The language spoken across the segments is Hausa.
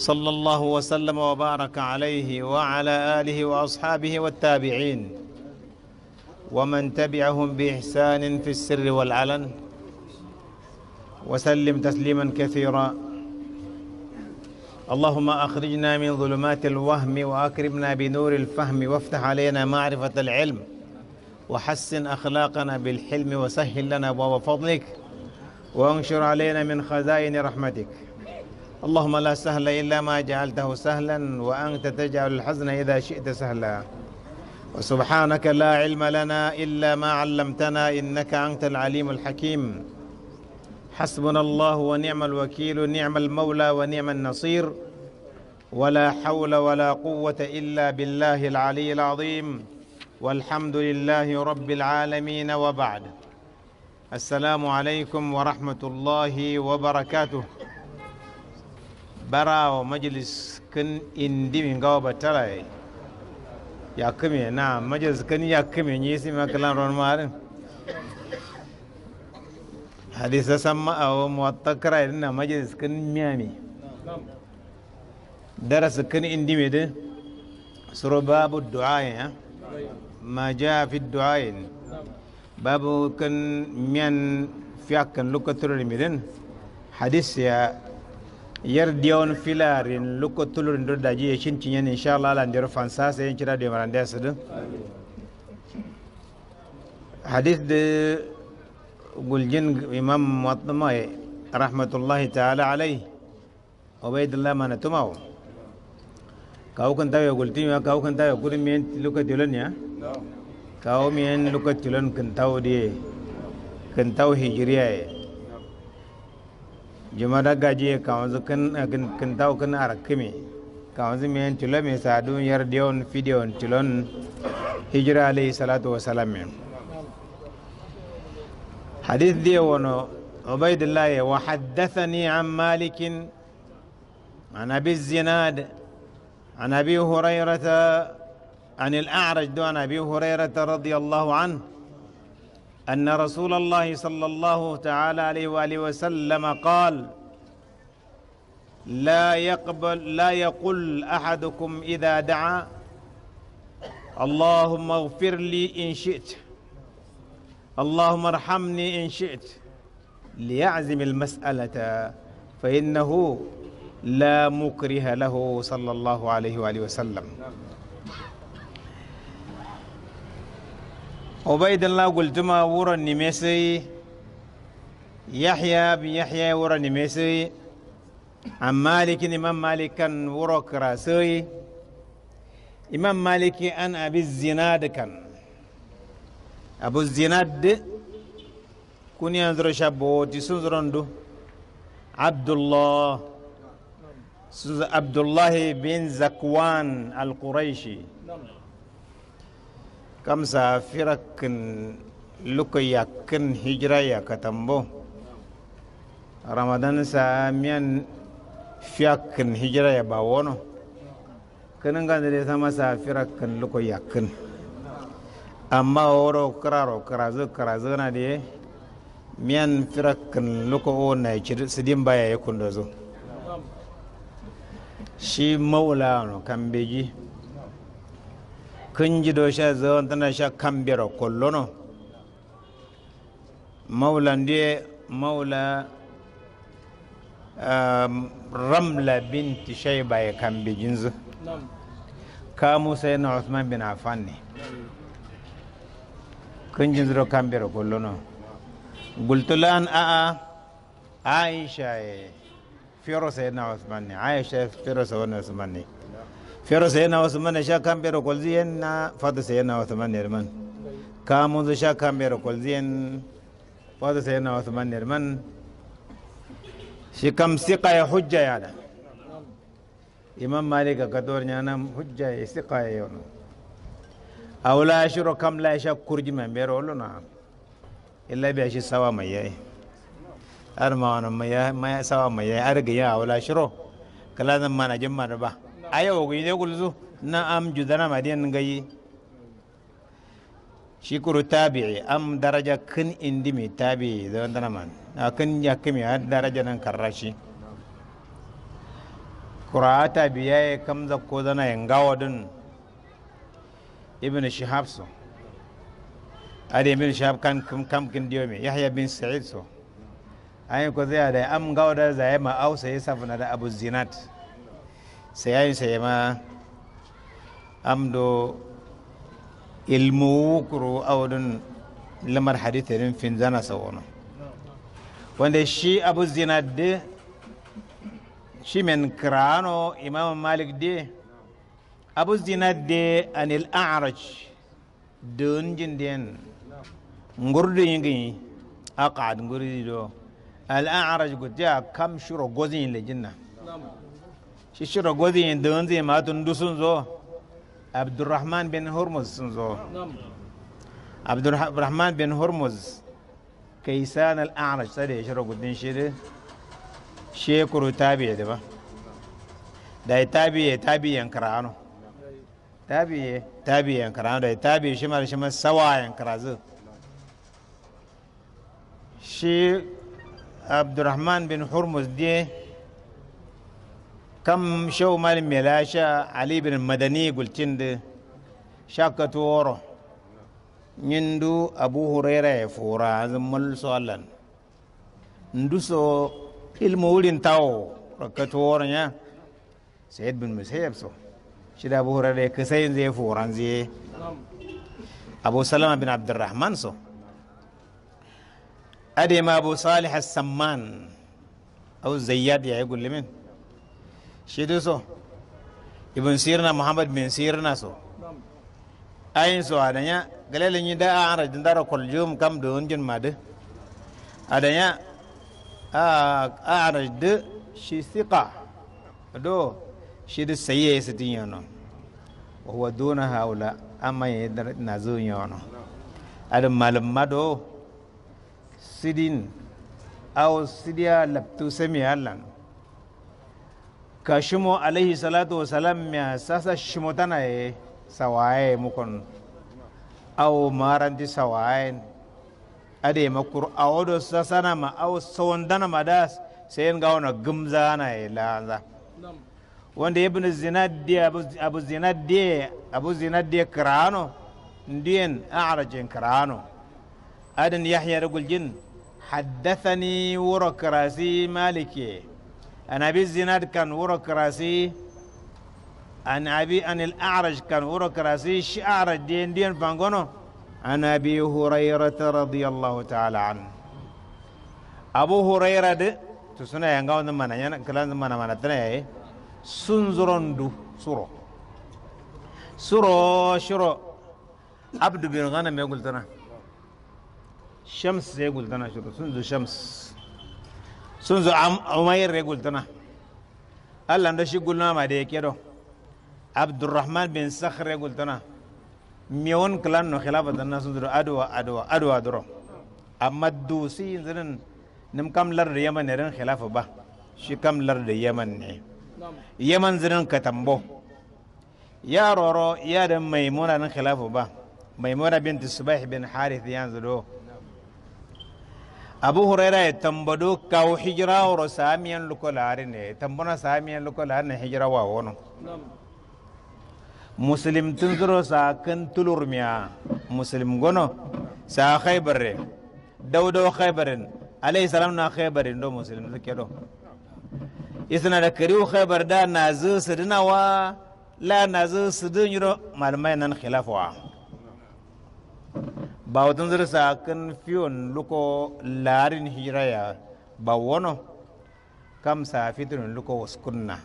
صلى الله وسلم وبارك عليه وعلى آله وأصحابه والتابعين ومن تبعهم بإحسان في السر والعلن وسلم تسليما كثيرا اللهم أخرجنا من ظلمات الوهم وأكرمنا بنور الفهم وافتح علينا معرفة العلم وحسن أخلاقنا بالحلم وسهل لنا باب فضلك وانشر علينا من خزائن رحمتك اللهم لا سهل إلا ما جعلته سهلا وأنت تجعل الحزن إذا شئت سهلا وسبحانك لا علم لنا إلا ما علمتنا إنك أنت العليم الحكيم حسبنا الله ونعم الوكيل نعم المولى ونعم النصير ولا حول ولا قوة إلا بالله العلي العظيم والحمد لله رب العالمين وبعد السلام عليكم ورحمة الله وبركاته barawo majalis kan indimi ngawa batarai ya kame na majalis kan ya kame ni si makalan ron marin hadisa sama awo muwatta na majalis kan miami daras kan indimi de suru babu du'a ya ma jaa fi du'a babu kan mian fiakan lukatul mirin hadis ya diyon filarin luko tulurin dur da jiye shin cinyen insha Allah lan dir fansa sai yin kira da maran da din hadis da guljin imam muwattama rahmatullahi ta'ala alai ubaidullah mana tumawo kawo kan tawe gulti ma kawo kan tawe gurin miyan luka tulun ya kawo miyan luka tulun kan tawo da kan tawo hijiriya ya jumada gaji kawanzu kin kin taw kin arakimi kawanzu men tilo me sadu yar dion video tilon hijra alayhi salatu wa salam hadith di wono ubaidullah wa hadathani an malik عن ابي الزناد عن ابي هريره عن الاعرج عن ابي هريره رضي الله عنه أن رسول الله صلى الله تعالى عليه وآله وسلم قال لا يقبل لا يقل أحدكم إذا دعا اللهم اغفر لي إن شئت اللهم ارحمني إن شئت ليعزم المسألة فإنه لا مكره له صلى الله عليه وآله وسلم عبيد الله قلتما ورا النمسي يحيى بن يحيى ورا النمسي عن مالك إمام مالك كان ورا كراسي إمام مالك أن أبي الزناد كان أبو الزناد كوني أنظر شابو تسنظرندو عبد الله عبد الله بن زكوان القريشي kam sa fira kin luka yakin hijira ya katambo ramadan sa miyan fiyakin hijira ya ba wono kinin ga dai sama sa fira kin luka yakin amma woro kiraro kirazu kirazu na da miyan fira kin luka o na sidin baya ya kundazo shi maula no kambeji sha ಕಂಜಿದೋಷ ಜೋಂತನಶ ಕಂಬಿರ ಕೊಲ್ಲೋನು ಮೌಲಂದಿ Maula ramla binti shaiba ya e kambi jinzu kamu sai e na usman bin affan ne kun jinzuro kambira kulluno gultulan a'a aisha ya e firo sai na usman ne aisha ya firo sai wani usman ne fero sena osman sha kambero kolzien na fadu sena osman nerman kamunzu sha kambero kolzien fadu sena osman nerman shi kam siqa ya hujja yana imam malika kador nyana hujja ya siqa ya yono aw la shiro kam la sha kurji man bero luna illa bi shi sawa mai yayi ar ma wana mai sawa mai yayi arga ya aw la shiro kala zan mana jin ba aya wogu yide gulzu na am judana madiyan gayi shikuru tabi'i am daraja kin indimi tabi'i da wanda man a kin ya kimi har daraja nan karrashi qura'ata biyaye kamza ko zana yangawa din ibn shihab so ade ibn shihab kan kam kin diyo mi yahya bin sa'id so ayi ko zai da am da zai ma ausa yasafna da abu zinat seyayi seyema am ɗo ilmu wukru awɗum lamar hadite ɗum finzana sawono wonde shi abu zinad de shimen kirano imam malik de abu zinad de anil araj donjindeen ngurdiyiŋi a qaad ngurdi ɗo al araj gote a kam shuro gozin le jinna شيشي قوذي يندونزي ما تندوسونزو عبد الرحمن بن هرمز سنزو نعم. عبد الرحمن بن هرمز كيسان الأعرج سدي شرو قدين شيري شيكرو تابع دبا داي تابع تابع ينكرانو تابع تابع ينكرانو داي تابع شمال شمال سوا ينكرازو شي عبد الرحمن بن هرمز دي كم شو مال ملاشا علي بن المدني قلت شاكة وره نندو أبو هريرة فورا زمل صلى ندوسو المولين تاو ركت ورنيا سيد بن مسيب سو شد أبو هريرة كسين زي فورا زي أبو سلمة بن عبد الرحمن سو أدي ما أبو صالح السمان أو الزياد يقول لمن shi dai so ibn sirna muhammad bin sirna so ayin so adanya galilin yi da'a an rajin dara kwaljum kam da wunjin madu adanya a rajin shi siƙa do shi da sayi ya yi sitin yano wa huwa dona haula amma ya yi na zuwan yano adin malam mado sidin aw sidiya labtu sami allan ka shimo alaihi salatu wa salam ya sasa shimo tana ye sawaye mukon aw maranti sawaye ade makur awodo na ma au sawandana ma das sayen ga wana gumza na ye lanza wanda ibn zinaddi abu zinaddi abu zinaddi kirano ndiyen a'rajin kirano adin yahya gulgin jin haddathani wuro kirasi maliki عن أبي الزناد كان ورق راسي عن أبي أن الأعرج كان ورق راسي شعر الدين دين فانقونو عن أبي هريرة رضي الله تعالى عنه أبو هريرة دي تسنى ينقاون دمانا ينقاون كلان دمانا مانا تنى إيه؟ سنزرون دو سورو سورو شورو عبد بن غنم يقول تنا شمس يقول تنا شورو سنزو شمس sun zo umayyar ya gultuna allah da shi gulna ma da yake do abdurrahman bin sakhar ya gultuna mewon klan no khilafatan na sun zo adwa adwa adwa duro amma dusi zinin nim kam lar da yaman ne ran khilafa ba shi kam lar da yaman ne yaman zinin katambo ya roro ya da maimuna nan khilafa ba maimuna binti subaih bin harith yanzu do abu huraira e tambodu kaw hijira woro samiyan luko larine tambona samiyan luko larine hijira wa wono muslim tunzuro sa kan tulurmiya muslim gono sa khaybarre dawdo khaybarin alayhi salam na khaybarin do muslim luke do isna da kariu khaybar da na zu sidina wa la na zu sidin yuro malmai nan khilafu wa ba watanzara sa kan fiyon luko larin hiraya ba wono kam sa fitrin luko waskunna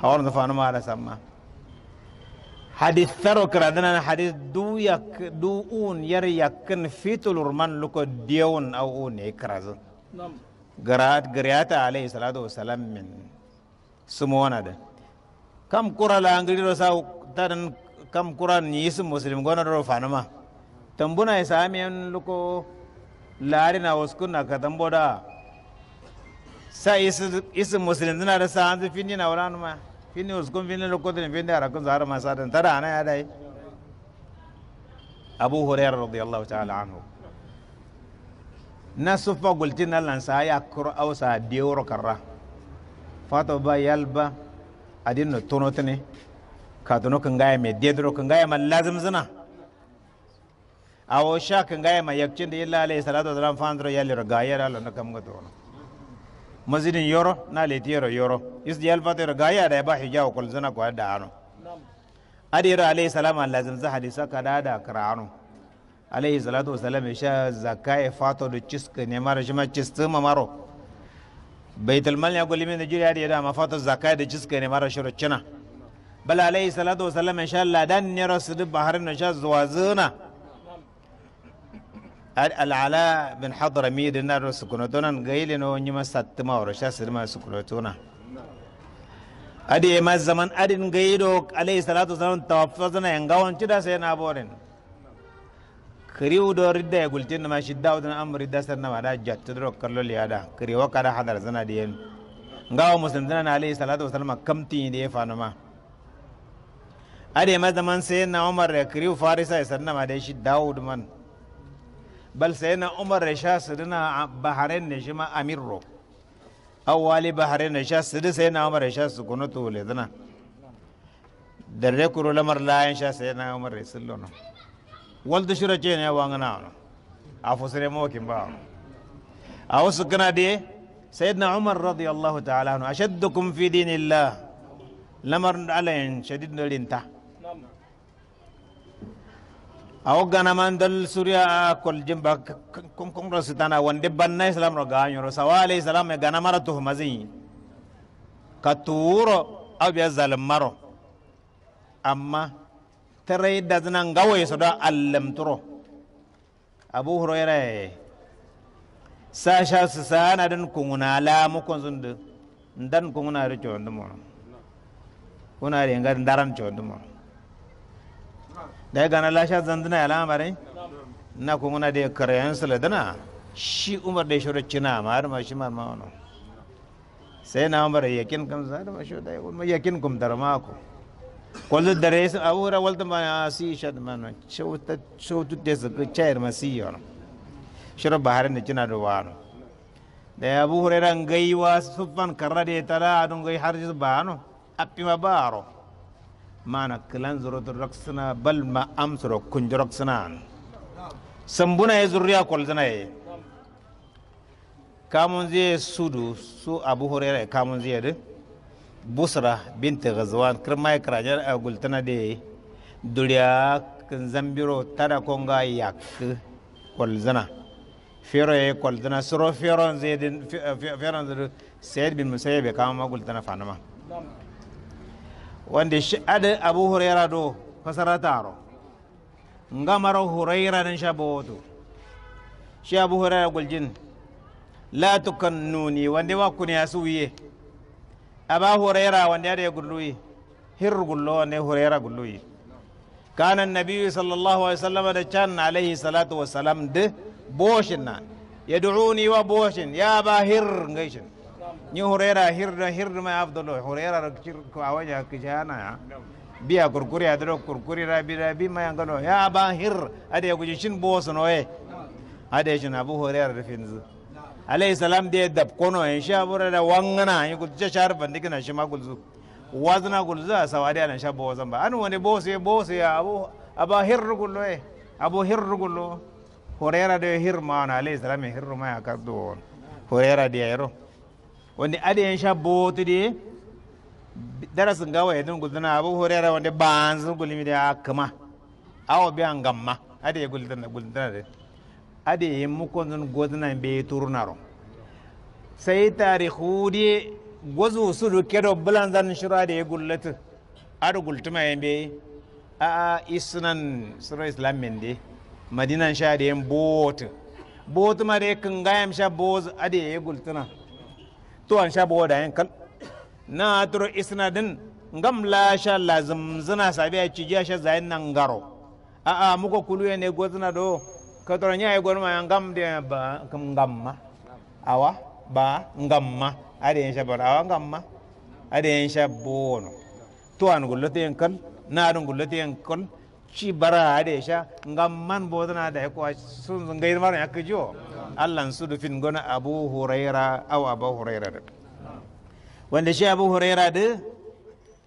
hawar da fanu mara samma hadith tharo karadana hadith du yak du un yar yakkan fitulur man luko diyawun au un ne karazan garat gariyata alayhi salatu wasalam min sumona da kam kura la sa tadan kam kura ni muslim gona ro fanuma tambuna e samiyan luko larina waskunna ka tamboda sa isi muslim dina da sa hanzu fini na wuran ma fini waskun fini luko din fini arakun zahar ma sa din tada ana ya dai abu hurairah radiyallahu ta'ala anhu na sufa gultin allan sa ya kuro ausa dewro karra fato ba yalba adin no tonotne ka tono kan gaya me dedro kan gaya ma lazim zina awo shak ngai ma yakchindi illa alayhi salatu wasalam fandro yali ro gayar alo na kamga to mazidin yoro na le tiro yoro is di alfati ro gaya da ba hijaw kul zana ko da ano adi ro alayhi salam lazim za hadisa kada da karano alayhi salatu wasalam sha zakai fato do ciska ne mara shima cista maro baitul mal ya gulimi da jiri adi da ma fato zakai da ciska ne mara shiro cina bala alayhi salatu wasalam insha Allah dan ne rasul baharin sha zuwa zuna العلاء بن حضر ميد نار سكونتونا غيل نو نيما ساتما ورشا سرما سكونتونا ادي ما زمان ادين غيدو عليه الصلاه والسلام توفزنا ينغاون تشدا سينا بورن kiriw do ridda e gultin ma shidda udan am ridda sarna ma da jatta do kallo liada kiriwa kada hadar zana diyen ngawo muslim dana na alayhi salatu wasallam kamti ne fa no ma ade ma zaman sai na umar kiriw farisa sarna ma da shi daud man بل سينا عمر رشا سيدنا بحرين نشما أميرو أولي بحرين رشا سينا عمر رشا سكونته لدنا دري كرو لمر لا ينشا سينا عمر رسلونا والد شرجين يا وانغنا أفو سيرمو كمبا أو سكنا دي سيدنا عمر رضي الله تعالى عنه أشدكم في دين الله لمر علين شديد نلينتا man dal surya koljin ba kumkumro sitana wande banna islam ro ganyoro sawale islam me ganamara ka katuro aw zalim maro amma tere dazna ngawe da allam turo abu hurayra sa na dan kunguna la lamu konzundu ndan kunguna ri chondumo kuna ri ngar ndaran chondumo daga lasha zandana ala mare na kuma na da karayan saladana shi umar da shura cina ma har ma shi ma ma wannan sai na umar yakin kam za da masho da yakin kum darma ko kullu dare su abu ra walta ma si shad man chauta chautu de su chair ma si yor shura bahar ne cina da wano da abu hurairah gaiwa sufan karra de tala adun gai har su bano appi ma baro mana kilan zoro to bal ma am soro kunjo raksuna sambuna zurriya zuriya kolzana ye kamun zai sudu su abu hurera kamun zai da busra binta gazawan kirmai ya a eh, gultana da duriya kan zambiro tada konga yak kolzana fero ya kolzana suro fero zai din fero zai bin musayyib bai kama magultana fanama wanda shi ada abu huraira do fasara taro nga maro huraira nan sha bawoto shi abu huraira guljin la tukannuni wanda wa kuni asuye aba huraira wanda ya da gulluyi hir gullo ne huraira gulluyi kana nabiyyu sallallahu alaihi wasallam da can alaihi salatu wassalam de boshin na yad'uni wa boshin ya ba hir ngaishin Ni hurera hirda mai ma afdalo hurera kirkwa a waja kijana ya biya kurkuri adro kurkuri rabi rabi an gano ya ba hir ya guji shin bo eh. da ya shi na bu hurera da finzu alayhi salam ya dab kono en sha bura da wangana yi ku ce shar bandikina shi ma gulzu wazina gulzu a sawa da ya sha bo ba. an wani bo ya bo ya abu aba hir gullo ya eh. abu hir gullo hurera ya hir ma wani alayhi salam hir ma ya kaddo hurera yi yaro wonde adi en shabbotudi darasin gawa hedun guldana abu hurera wonde banzun gulimi a kama awa be an gamma adi e guldana guldana de adi e yimmuko bai godana be ro sai tarihudi su sudu kedo bulan zan shura da ya gullatu adu gultuma yan be a isunan sura islam min de madinan sha da yin bot bot ma da kan gayam sha boz ade ya gultuna tuwan sha bawa da yankal na turo isnadin ngam la sha lazim zina sabi a ci sha zayin nan garo a a muko kulu ne go zina do ka turo nya ai gorma ya ngam de ba kam ngam ma awa ba ngam ma ade yan sha ba awa ngam ma ade yan sha bono tuwan gullote yankal na dun gullote yankal ci bara ade sha ngam man bo zina da ko sun zungai mar yakijo allan su dufin gona abu huraira au abu huraira da wanda shi abu huraira da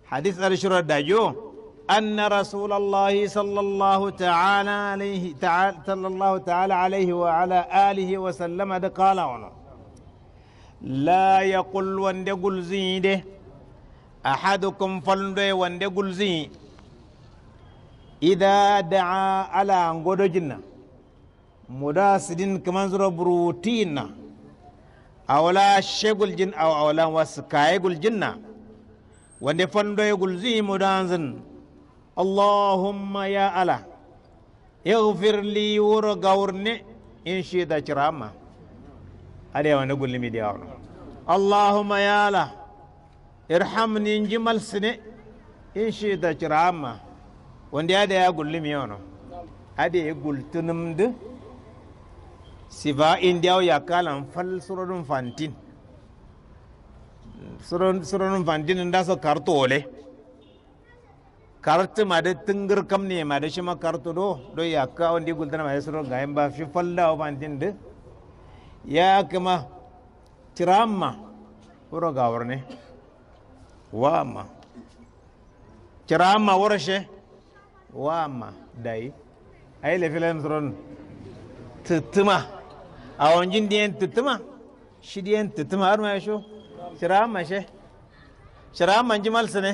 hadith al-shurar dajo أن رسول الله صلى الله تعالى عليه تعالى صلى الله تعالى عليه وعلى آله وسلم قال لا يقول وندقل زيد أحدكم فلندي وندقل زيد إذا دعا على أنقود جنه muda sidin kaman zura a wala shegul jin a wala wasu kaye na wanda fando ya gulzi zin allahumma ya ala gufir li wuro ne? in shi da cirama ade wani gulmi da yawon allahumma ya ala irhamni in ji ne in shi da cirama wanda ya da ya gulmi yawon ade ya gultunum duk sifa indiyaw yakalan fal suronum fantin suronum fantin nda so kartole kartu made tingirkam ne made shima kartu do do yakka ondi gultana made suro gayam ba fi falla o fantin de yakma tiramma wuro gawarne wama tiramma wuro she wama dai ay le filam suron tutuma awo nji ndiyen tutuma shi ndiyen tutuma har mai shi shira ma she shira ma jimal sene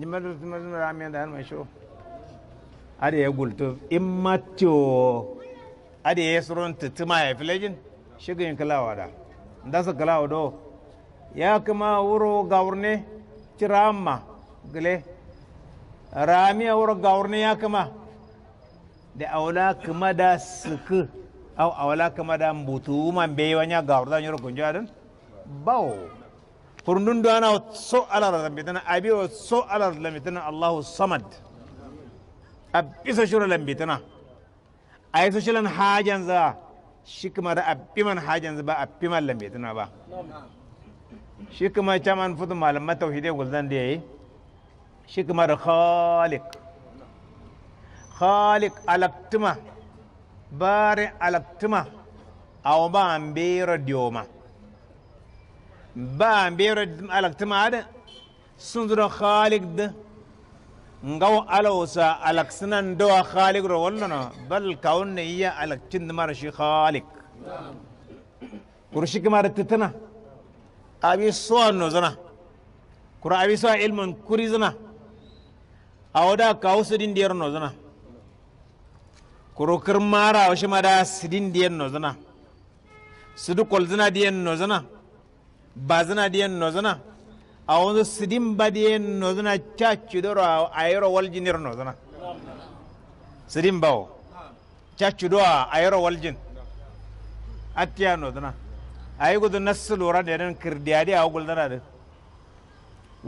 jimal jimal ra mi da har ma sho ada ya gultu imma to ada ya surun tutuma ya filajin shigin kalawa da nda su kalawa do ya kuma wuro gawurne shira ma gile rami wuro gawurne ya kuma da aula kuma da suku أو أولا كما دام بطو بطوما بيوانيا غوردا نيرو كنجادن باو فرندون دوانا سو على بيتنا أبي و سو على بيتنا الله الصمد أبي سشور بيتنا أي سشلن حاجان زا شكما دا أبي من حاجان زا با أبي من بيتنا با شكما چمان فتو مالما توحيدي قلدان دي شكما دا خالق خالق ألقتما bare alaktima aw ba mbero dioma ba mbero alaktima ada sundro khalik de ngaw alawsa alaksunan do khalik ro wallana bal kaunna iya alaktin marshi khalik kurshi kimar titana abi so no zana kura abi so ilmun kuri zana awda kausudin dir no zana kurokar mara a kurokirmaara mara sidin diyan diyen nozina sidu kolzina diyen nozina bazina diyen a awonzu sidin ba diyan diyen nozina a yaro waljinir nozina sidin bawo a yaro waljin a a tiya yi gudu nasu lura da yanar kirdiyari a denen kirdiyadi da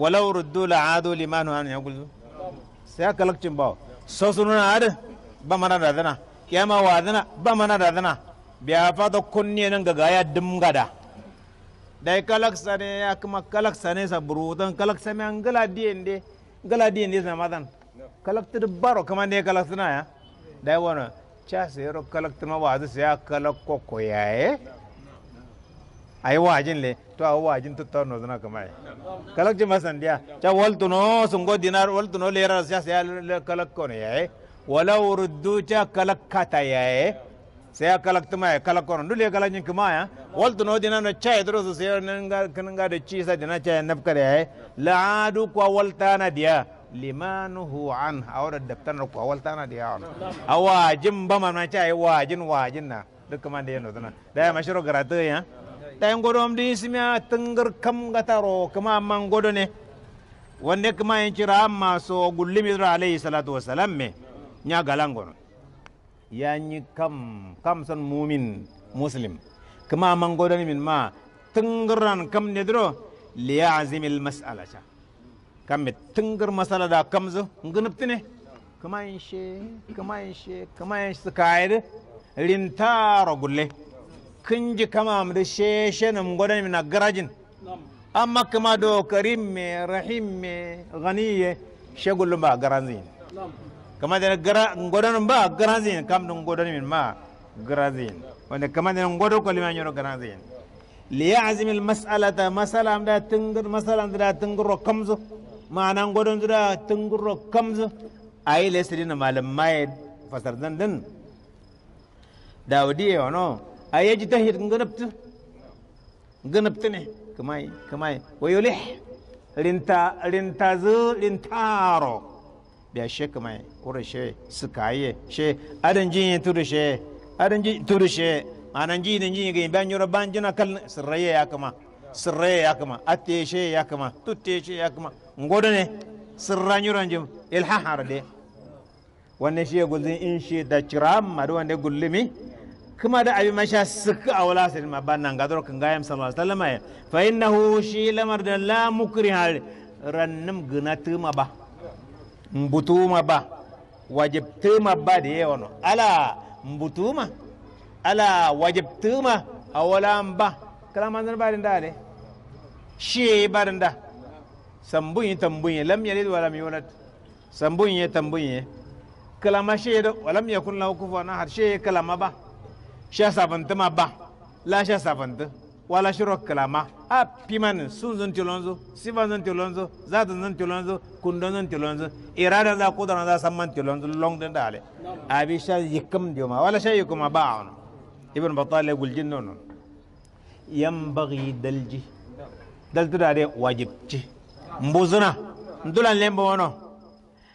walau ruddu la adu limanu an yaguldu sai akalakcin bawo sosununa adi bamana dadana kiyama wadana bamana dadana biya fata kunni nan ga gaya dimgada ya kuma kalak sa burutan kalak same an gala diyen de gala diyen de sama baro ne ya dai wana cha ma wazu ya kalak eh? kokko wajin le to a wajin zana masan cha dinar lera sa yaye eh? walau rudduja kalak kata yae eh? saya kalak tuma eh? ya kalak kono dulu ya kalak kuma ya wal tuno dina no chai eh? duro su saya nanga kananga de chi sa dina chai nap kare yae la adu kwa wal tana dia limanuhu an awra daptan kwa wal tana dia on awajin bama na chai wajin wajin na duk kuma da yano tana da ya mashiro garatu ya da yan godo amdi ismiya ah, tungar kam gataro kuma amman godo ne wanne kuma yan kira amma so gullimi alaihi salatu wasalam me ñagalan ya ni kam kam san mumin muslim kuma man godani min ma tungran kam ne dro azim al mas'ala cha kam me tungur masala da kam zo ngunuptine kuma inshe kuma inshe kuma inshe kaid rintaro gulle kinji kama mu da sheshe nan godani min garajin amma kuma do karim me rahim me ganiye shegullu garanzin kama dana gara ngodan ba grazin kam dun ngodan min ma grazin wanda kama dana ngodo ko liman yoro grazin li ya'zim al mas'alata masalam da tungur masalam da tunguro kamzo ma'ana ngodan da tunguro kamzo ayi lesdin malam mai fasar dan din dawdi yono ayaji tahid nganapt nganapt ne kamai kamai wayulih rinta rintazu rintaro biya shek mai kurishe sikaye she adan turu turishe adan jinye turishe anan jinye jinye ga ban yoro ban jina kal sirraye ya kama sirraye ya kama shi ya kama shi ya kama ne sirran yoron jim ilha de wanne shi gulzin in shi da ciram madu wande gullimi kuma da abi masha suka awla sai ma bannan gador kan gayam sallallahu alaihi wasallam fa innahu shi lamar da la mukriha rannum gunatu ma ba mbutu ma ba ba da yawa no ala mbutuma ala wala ba kala mandan ba da da sambun nda tambun tambunye lam yalid walam yulad sambunye tambunye kalama shiye do walam yakun lahu kufuwan ahad kala ma ba sha ma ba la sha sabanta wala shirok ma a pimane sun zan tilonzo sifa zan tilonzo zata zan tilonzo kundo zan tilonzo irada za kudana za samman tilonzo long den dale abi sha yikam dioma wala sha yikuma ba'un ibn battal yaqul jinnun yanbaghi dalji daltu dare ci mbuzna ndulan lembo wono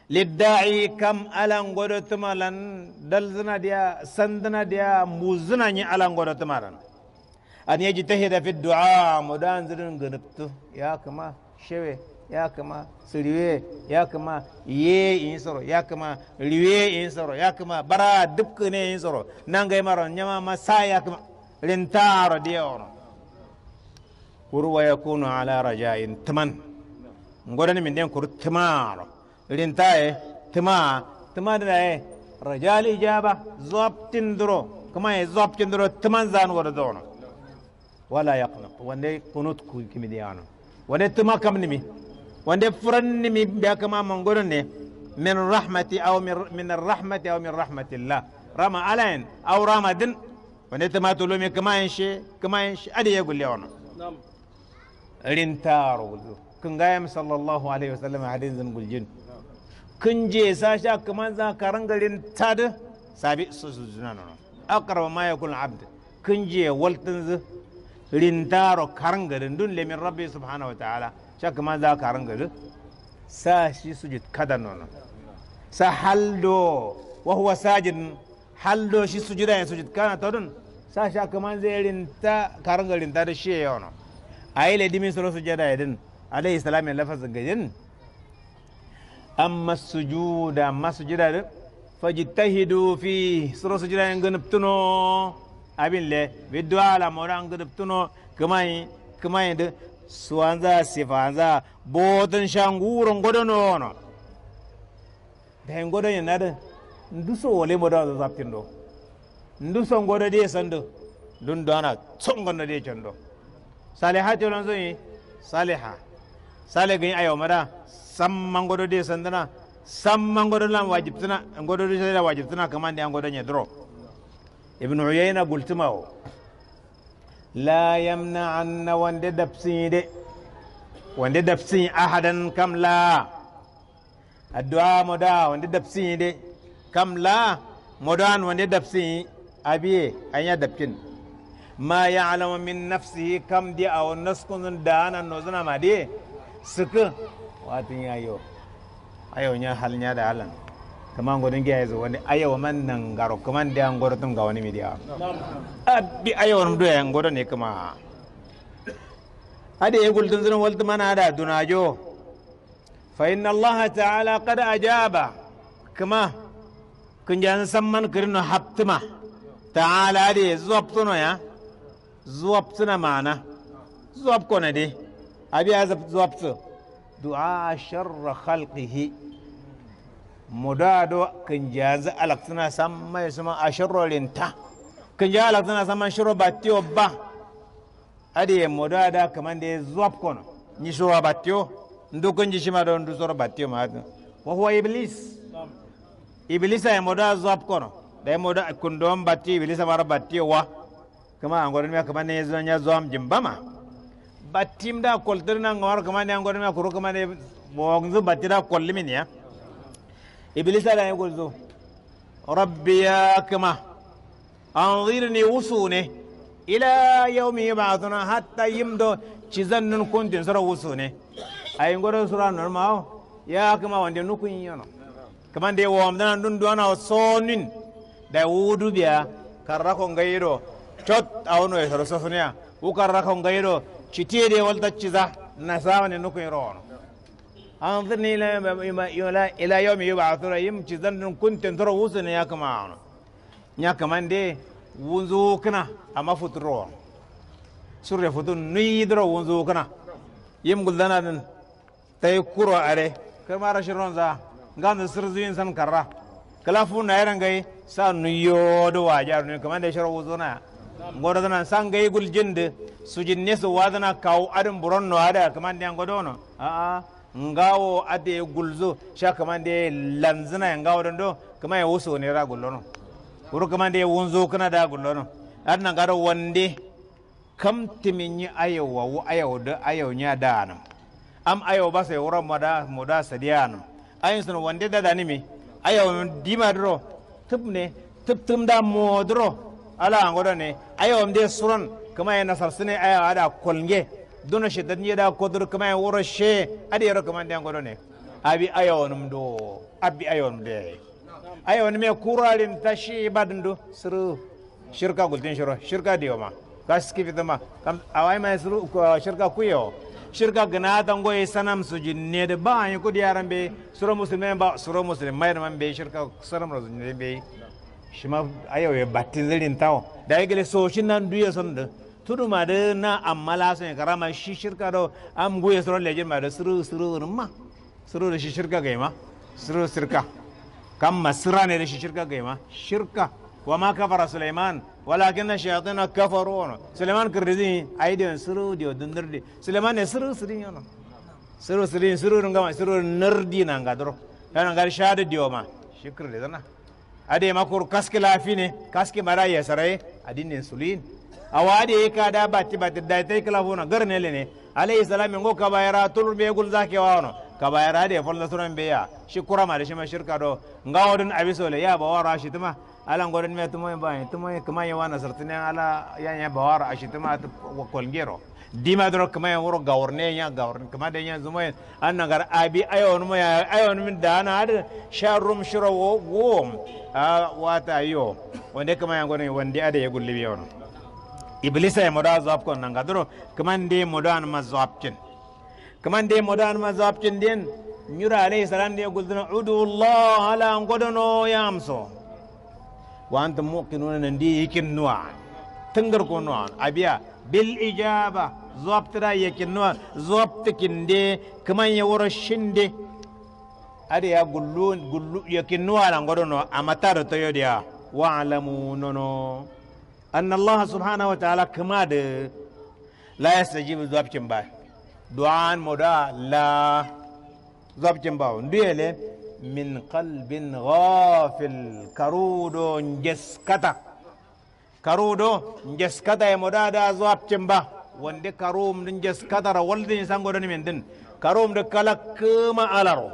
lidda'i kam alan godo tumalan dalzuna dia sandna dia mbuzna ni alan godo tumalan أن يجتهد في الدعاء مدان زرن غنبتو يا كما شوي يا كما سلوي يا كما يي إنسرو يا كما لوي إنسرو يا كما برا دبكني إنسرو نانغي مرو نما مسا يا كما لنتار ديورو كورو يكون على رجاء تمن نقولن من دين كورو تمار لنتاي تما تما دناي ايه؟ رجال إجابة زبطن درو كما زبطن درو تمن زان وردونه ولا يقنط وان قنط كيم ديانو وان تما كم نمي وان فرن بكما من من رحمتي او من الرحمه او من رحمه الله رمى علين او رمضان وان تما تلومي كما انشي كما انشي ادي يقول لي نعم رنتارو كن غايم صلى الله عليه وسلم حديث نقول جن كن جي ساشا كما ذا كارنغ رنتاد سابي سوزنانو اقرب ما يكون العبد كن جي rindaro karangadin dun lemin rabbi subhanahu wa ta'ala shakka ma za karangadin sa shi sujud kada nono sa haldo wa huwa sajid haldo shi sujuda ya sujud kana to dun sa shakka ma zai rinta karangadin ta da shi ya yono ayi le dimin sura sujada ya din alayhi salam ya lafaz gajin amma sujuda amma sujuda din fajtahidu fi sura sujuda ya ganabtuno abin le vidwa la morang de tuno kmai kmai de suanza sifanza bodon shanguro ngodono no de ngodo yanade nduso wole modo do zaptindo nduso ngodo de sando dun dona tsongono de chondo salihati lon zoyi saliha sale gin ayo mada samman ngodo de sandana samman ngodo lan wajibtana ngodo de sandana wajibtana kamande ngodo nya drop ibnu uyayna gultimawo la yamna'anna wande de wande dabsii ahadan kam laa addu'a moda wande de kam laa modan wande dabsii abiye anya dabkin ma ya'lamu min nafsihi kam di aw naskun dana nozana madi waati watin yayo ayo nyaa hal da halan kama ngodin gaya zo wani ayawa man nan garo kuma da ngoro tum ga wani midiya abbi ayawa rum doya ngoro ne kuma ade yegul dun dun wal mana da dunajo fa inna allah ta'ala qad ajaba kuma kun jan samman kirno haptima ta'ala de zuwaptuno ya zuwaptuna mana zuwap kona de abi azab zuwaptu du'a sharra khalqihi modado kinjaza alaktana samma yasma asharro linta kinja alaktana samma shiro batio ba adi ya modada kamande zop kono ni shiro batio ndu kunji shima do ndu shiro batio ma wa huwa iblis iblis ya mudada zop kono da ya mudada kundom batti iblis ya mara batio wa kama angorin me kamande zonya zom jimbama battim da koltirna ngor kamande angorin me kuru kamande mo ngzu batira kollimini ya iblis da ya gozo rabbi ya ne wusu ne, ila yau yawmi yub'athuna hatta yimdo chizannun kuntin sura a ay ngoro sura normal ya kuma wande nukun yi. kaman de wom dan dun duana sonin da wudu biya karrako ngairo tot awno e soro sosnya ukarrako ngairo chitede walta za na sawane nukun rono an zini la yola ila yau mai ba su rayu ci zandun kun tentura wusu ne ya kama ana ya wunzu kana amma futuro surre futun nui dro wunzu kana yim guldana din tay kuro are kar mara shiron za ngan sirzu yin san karra kalafu na yaran gai sa nuyo do wajar ne kama de shiro wuzu na ngoro dana san gai guljinde sujin nesu wadana kaw adam buron no ada kama de ngodono a a ngawo ade gulzo sha kamande lanzina ya ngawo dondo kuma ya wuso ne ra gullono wuro kamande wunzo kana da gullono adna garo wande kam timinyi ayawa wu ayawa da ayawa nya da anam am ayawa ba sai wuro moda moda sadiyan ayin sun wande da da nimi ayow dima dro tup tum da modro ala angodo ne ayawa de suron kuma ya nasar sune ayawa da kolnge duna shidad nyeda kodur kama wuro she adi yaro kama ndan godo ne abi ayon mdo abi ayon de ayon me kuralin tashi badndu suru shirka gultin shiro shirka dioma kaski fitama kam awai mai suru shirka kuyo shirka gana tango ngoye sanam su jinne da ba yi kudi yaran be suru muslim ba suru muslim mai man be shirka sanam razu be shima ayo ya batin zirin tawo da yake so shi nan duya sanda tudu made na amala so en karama shi shirka do am guye soro lejen made suru suru ma suru da shi shirka ga ma suru shirka kan masira ne da shi shirka ga ma shirka wa ma kafara suleiman walakin na na kafaru ono suleiman kirdizi a yi diyan suru diyo dundirdi suleiman ne suru suru yi yono suru suru yi suru ngama suru nardi na ngadro yana ngar shada diyo ma shikr de dana ade makur lafi ne, kaski mara ya sarai adin sulin. awade ye ka da bati bati da tay kala fona garne lene alayhi salam ngo ka bayra tulur be gul zake wano ka da ya fol nasran be ya shi kura ma da shi ma shirka do nga wadun ngawdun abisole ya ba bawara shi tuma ala ngoren me tuma tumoy bay tumoy kuma yawa nasartine ala ya ya bawara ashi tuma ta kolgero dima dro kuma ya wuro gaworne ya gaworne kuma da ya zumoy an nagar abi ayon mo ya ayon min da dana ad sharum shiro wo wo ah, wata yo wanda kuma ya ngoren wanda ada ya gulli biyo iblisa e moɗo a zobkon nanga doro kaman de ma anma zobkin kaman de ma anma zobkin nden nyura alayhi salam de na udu allah ala goɗono yam so wa anta muqinuna no ndi yikin nuwa tengar ko nuwa abiya bil ijaba zobtira yakin nuwa zobtikin de kaman ya woro shinde ada ya gullu gullu yakin nuwa ala goɗono amata ɗo toyodiya wa alamu nono أن الله سبحانه وتعالى كماد لا يستجيب زواب جنبا دعان مدى لا زواب جنبا نديلي من قلب غافل كرودو نجسكتا كرودو نجسكتا مدى دا زواب جنبا وندي كروم نجسكتا والدي نسان قدن من دن كروم دكالا ما ألارو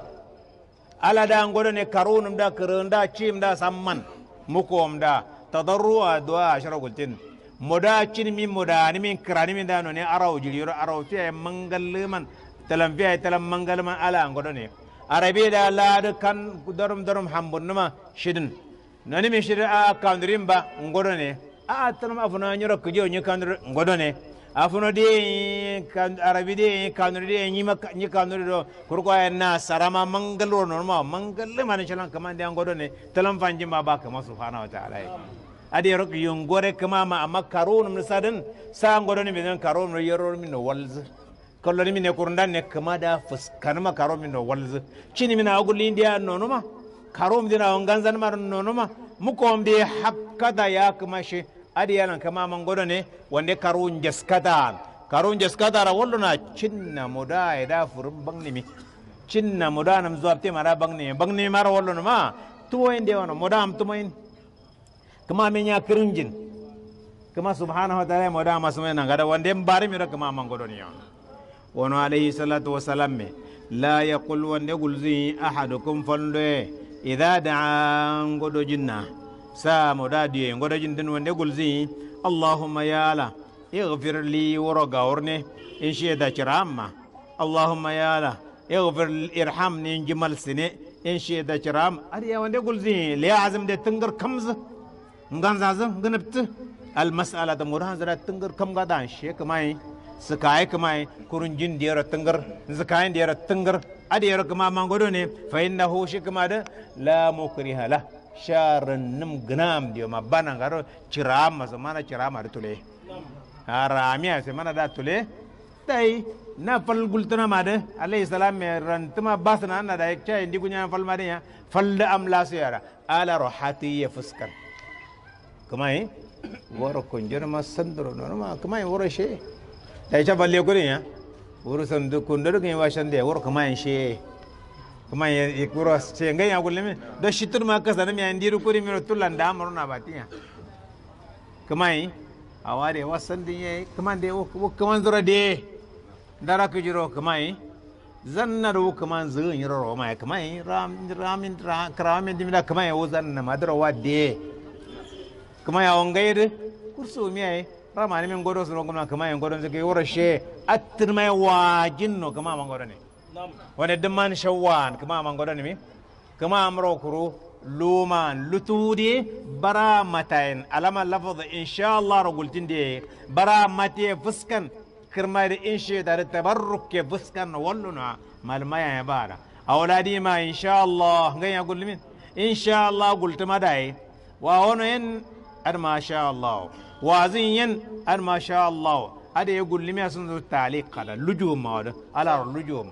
ألا دا نقدن كرونم دا كرون دا چيم دا سمن مكوم دا tadarruwa duwa shirar gultin moda cin min moda ni min kirani min dano ne araw jiliro araw tiya mangalman talam biya talam mangalman ala gudu ne arabi da ladu kan darum darum hambunuma shidin nani min shidin a kandirin ba gudu ne a talam afuna nyoro kujo nyi kandur gudu ne afuno de kan arabi de kandur kandirin nyi mak yi kandirin do kurkwa na sarama mangalro norma mangalle kamar da an gudu ne talam fanjin ba su fana wata alayi. ade rok yung gore kama ma amma karon mun sadin sa ngoro ni ben karon no yoro min no walz kollo ni min kurunda ne kama da fuskan ma karon min no walz chini min agulli india nonuma no ma karon min na nganzan mar no no ma mukom bi hakkada ya kama shi ade yana kama man godo ne wande karon jaskata karon jaskata ra wallo na cinna muda da furun bangnimi cinna muda nam zuwa te mara bangnimi ni mara wallo ma tuwo inde wono muda am tuwo inde kama menya keringin kama subhanahu wa ta'ala mo da masme na gada wande mbare mi kama mangodo ni yon wono alayhi salatu wa salam me la yaqul wande gulzi ahadukum fonde idha da'a ngodo jinna sa mo da di ngodo jindin wande gulzi allahumma ya ala اغفر لي ورقا ورني إن شئت أما اللهم يا الله اغفر ارحمني إن جمل سنة إن شئت أما أريا وندي قل زين ليه عزم دي تنقر كمزه nganzaza nginibti almasala da mura zira tingar kam ga dan she kamai sukai kamai kurunjin diyara tingar zakai diyara tingar adiyara kuma mangodo ne fa innahu shi kuma da la mukriha la sharan nim gnam diyo ma bana garo cirama zamana cirama da tule haramiya se mana da tule dai na fal gultuna ma da alayhi salam me rantuma basna na da yake indi gunya fal ma da fal da amla su yara ala rohati ya fuskar kamai woro konjorma sandoro norma kamai woro she da ita balle kudin ya woro sandu kundoro kan yawa shande woro kamai she kamai ya kuro ce ngai ya gulle do shitur ma kasa na mi andiru kuri mi tulan da amaro na batinya kamai aware wasandin yayi kaman da wo kaman zura de dara ku jiro kamai zanna ro kaman zin yiro ro mai kamai ram ramin karamin dimida kamai wo zanna madara wa de kama ya on gaire kursu mi ai rama ne min godo sun kuma kama yan godo zake wora she attir mai wajin no kama man godo ne wani dimman shawwan kama man godo ne mi kama amro kuru luman lutudi bara matain alama lafaz insha Allah rogultin de bara mate fuskan kirmai da inshe da tabarruk ke fuskan walluna malmaya ya bara أولادي ما إن شاء الله غير أقول من إن شاء الله قلت ما داي وأنا ar ma sha Allah ma sha Allah ada ya gullimi sun zo talik kala lujum ma da ala lujum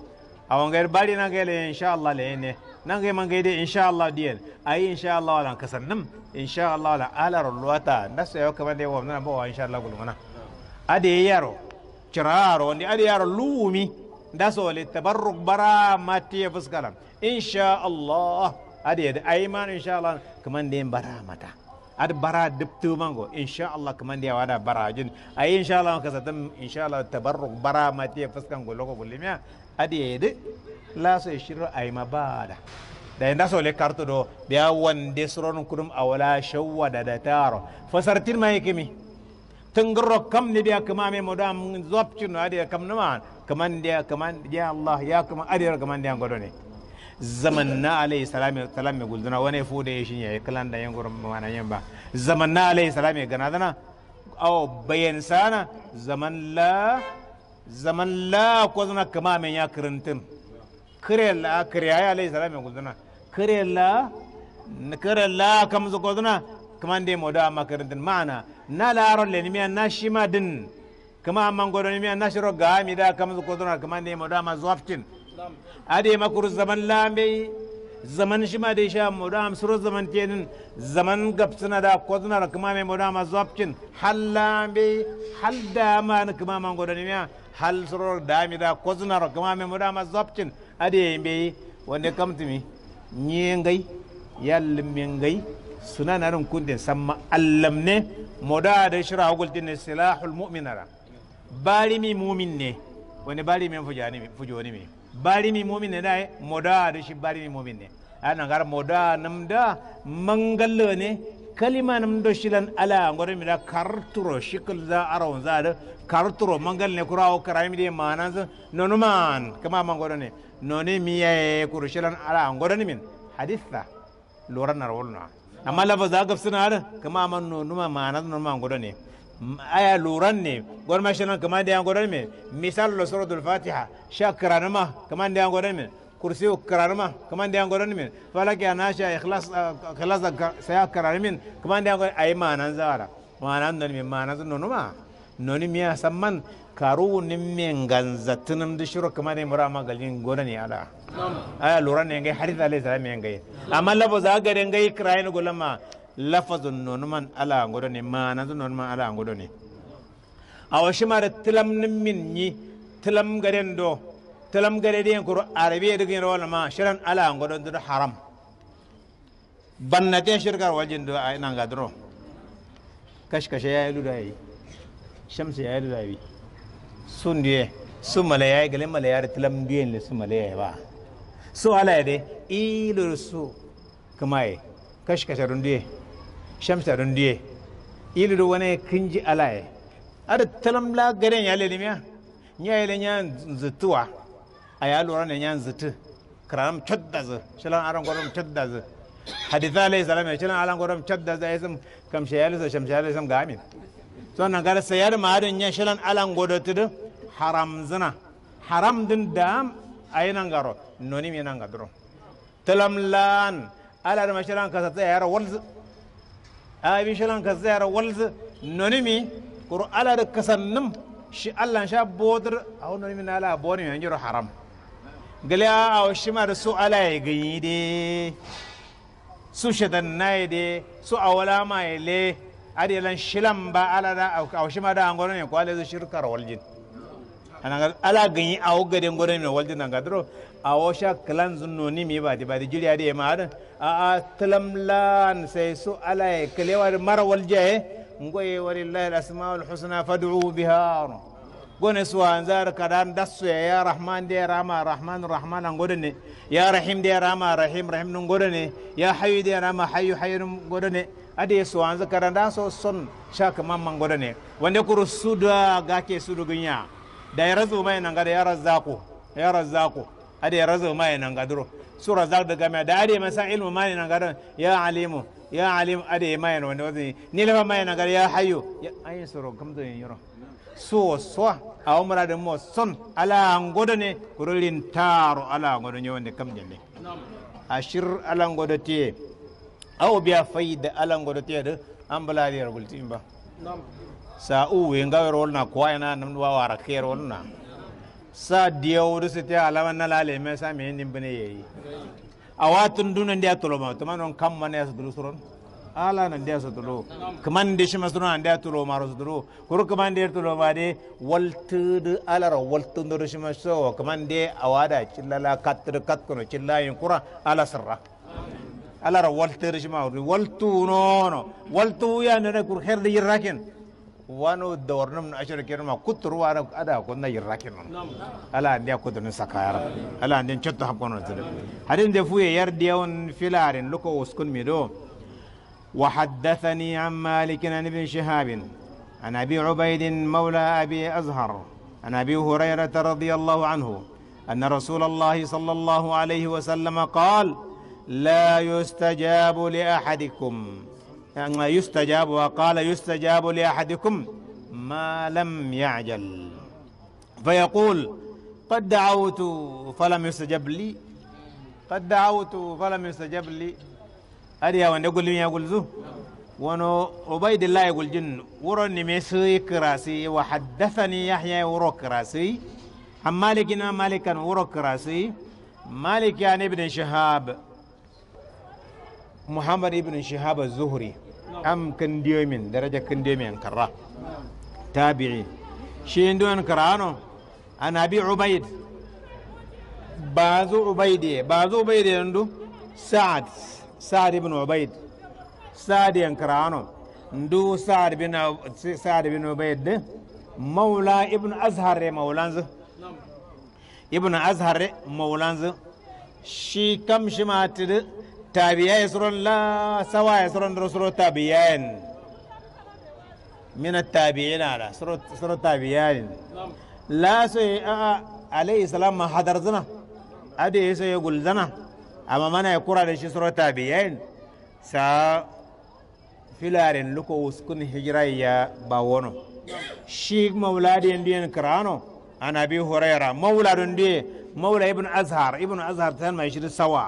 awon gair bari na gele insha Allah le ne nan ga man gaide insha Allah diyan ayi insha Allah lan kasannim insha Allah la ala rulwata nasa yau kamar da wannan ba insha Allah gulmana ada yaro ada yaro lumi da so le tabarruk bara mati ya insha Allah ada ya da ayman insha Allah kaman da bara mata ad bara diptu mango kaman kamande wada bara jin ay Allah ka satam Allah tabarruk bara mati faskan go ko gulimya adi yede la so shiru ay bada da yanda so le karto do biya wande suron kurum awala shawwa da dataro fasartin mai kimi tungro kam ne biya kuma me modam zopcin adi kam numa kaman dia kaman ya allah ya kuma adi kaman dia godone zaman na alayhi salami salami gulduna wani fude shi ne kalan da yangur mana ba zaman na alayhi salami gana dana aw bayan sana zaman la zaman la ko zana kama men ya kirintin kare la kare ya alayhi salami gulduna kare la kare la kam zo zana kuma de moda ma kirintin mana na la ron le ni na shima din kama man godo ni na shiro ga mi da kam zo gulduna kuma de moda ma zuwaftin ade makuru zaman lambe zaman shima da sha modam suro zaman tenin zaman gabsina da kozna da kuma me modam azabcin hallambe hal da ma na kuma man godani ya hal suro da mi da kozna da kuma me modam azabcin ade be wanda kamtimi nyengai ngai suna na kunde kundin samma allam ne moda da shira hagultin din silahul mu'minara bari mi mumin ne wani bari mi fujoni mi balini mumine dai moda da shi balini ana gar moda namda mangalle ne kalima nam do shilan ala ngore mi da karturo shikul za aron za da karturo mangal ne kurawo o karami de manan nonu man kama mangoro ne noni mi ye kurushilan ala ngore ne min haditha loran narwolna amma lafa za gafsina da kama man nonu manan nonuman ma ne aya luran ne shi nan kamar da gwarar mai misal lo suratul fatiha sha karanuma kamar da gwarar mai kursi karanuma kamar da gwarar mai falaki anasha ikhlas eh, ikhlas saya karanumin kamar da yango ay manan zara manan non me manan non ma noni miya samman karu ni min ganzatinin da shiro kamar da mura ma galin gona ne ala aya luran ne ngai harith alayhi salam ngai amma labo za ga ngai krayin gulama lafazin nonuman ala gudu ne mana zu nonuman ala gudu ne washi mara tilam nin min yi tilam garen do tilam gare de ko arabi ya dukkan rawar ma shirin ala gudu da haram ten shirkar wajin do ay nan gadro kash kashe yayi yi shamsu yayi yi sun diye su malaya gale malaya tilam diye le su malaya ba su ala dai ilur su kamaye kash kashe rundiye shamsa don duye ilu do wane kinji alaye ada talam la garen ya le limya nya ile nya zutuwa aya lura ne nya zutu karam chodda zu shalan aran gorom chodda zu haditha alayhi salam ya shalan aran gorom chodda zu yasam kam shayali sa shamsa alayhi sam gamin to nan gara sayar ma adon nya shalan alan godo tudu haram zina haram din dam ayinan garo nonim yanan gadro talam lan ala da mashalan kasata yara wal abishalan ka zayara walz nonimi kuru ala da kasannim shi allah sha bodur a wani nonimi na ala boni yan jiro haram gali a shi ma da su ala ya ganyi de su shadan na ya de su a wala ma ya le adilan shilan ba ala da a shi ma da an gwada ne kwale zu shirkar waljin ananga ala ganyi awo gade ngore no walde nanga dro awo sha klan zunno ni mi badi badi juliya de ma a a tlam lan sai su ala e klewar mar walje wari walillahi asmaul husna fad'u biha gone su zar kadan dasu ya rahman de rama rahman rahman ngode ne ya rahim de rama rahim rahim ngode ne ya hayyu de rama hayyu hayyu ngode ne ade su an zar da so son sha mamman gode ne wanda kuru suda gake sudu gunya da ya razu mai nanga gada ya razzaqu ya razzaqu ada ya razu mai nanga duro su razzak da game da ada mai san ilmu mai nanga da ya alimu ya alim ada ya mai wanda wani ni lama mai nanga ya hayyu ayi ayin suro kam da yin yoro so so a umra da mo son ala ngodo ne kururin taro ala ngodo ne wanda kam jalle ashir ala ngodo tie aw biya faida ala ngodo tie da an bala yargulti ba sa uwe nga werol na kwaina na wa wara kero na sa diyo du site alama na lale me sa me ndim bene yeyi awatun dun ndia toloma to kan kam mane as dulu suron ala na ndia so dulu kaman ndi shi masuna ndia tolo maro so dulu kuru kaman de tolo ma de waltud alara waltun do shi maso kaman de awada chillala katr katkono chillayin kura ala sirra alara waltur shi ma waltu no no waltu ya ne kur yin yirakin wano da warnum na ashirin kirma kuturu wano ada ko na yirra kirma ala andiya kudun sakayar ala andin chotto hapkono zile hadin de fuye yardi yawn filarin luko uskun mido wa عن مالك عن ابن شهاب عن ابي عبيد مولى ابي ازهر عن ابي هريره رضي الله عنه ان رسول الله صلى الله عليه وسلم قال لا يستجاب لاحدكم يعني يستجاب وقال يستجاب لأحدكم ما لم يعجل فيقول قد دعوت فلم يستجب لي قد دعوت فلم يستجب لي أريا وأن يقول لي يقول ذو وأنه عبيد الله يقول جن ورني مسوي كراسي وحدثني يحيى ورو كراسي عن مالك إمام مالك ورو كراسي مالك يعني ابن شهاب محمد ابن شهاب الزهري am kan diyo min daraja kan diyo min karra tabi'i shi kara karano ana bi ubaid ba ubaide ubaid ya ndu sa'ad sa'ad ibn ubaid sa'ad kara karano ndu sa'ad ibn sa'ad bin ubaid maula ibn azhar maulanzu ibn azhar maulanzu shi kam shi matidi تابعي يسرون لا سوا يسرون رسول تابعين من التابعين على سر سر التابعين لا سي عليه السلام ما حضر زنا أدي سي يقول زنا أما من يقرأ على سر التابعين سا filarin luko uskun hijirayya ba wono shi mauladi ndiyen كرانو أنا أبي هريرة maulad ndiye مولا ابن أزهر ابن أزهر tan ما shi sawa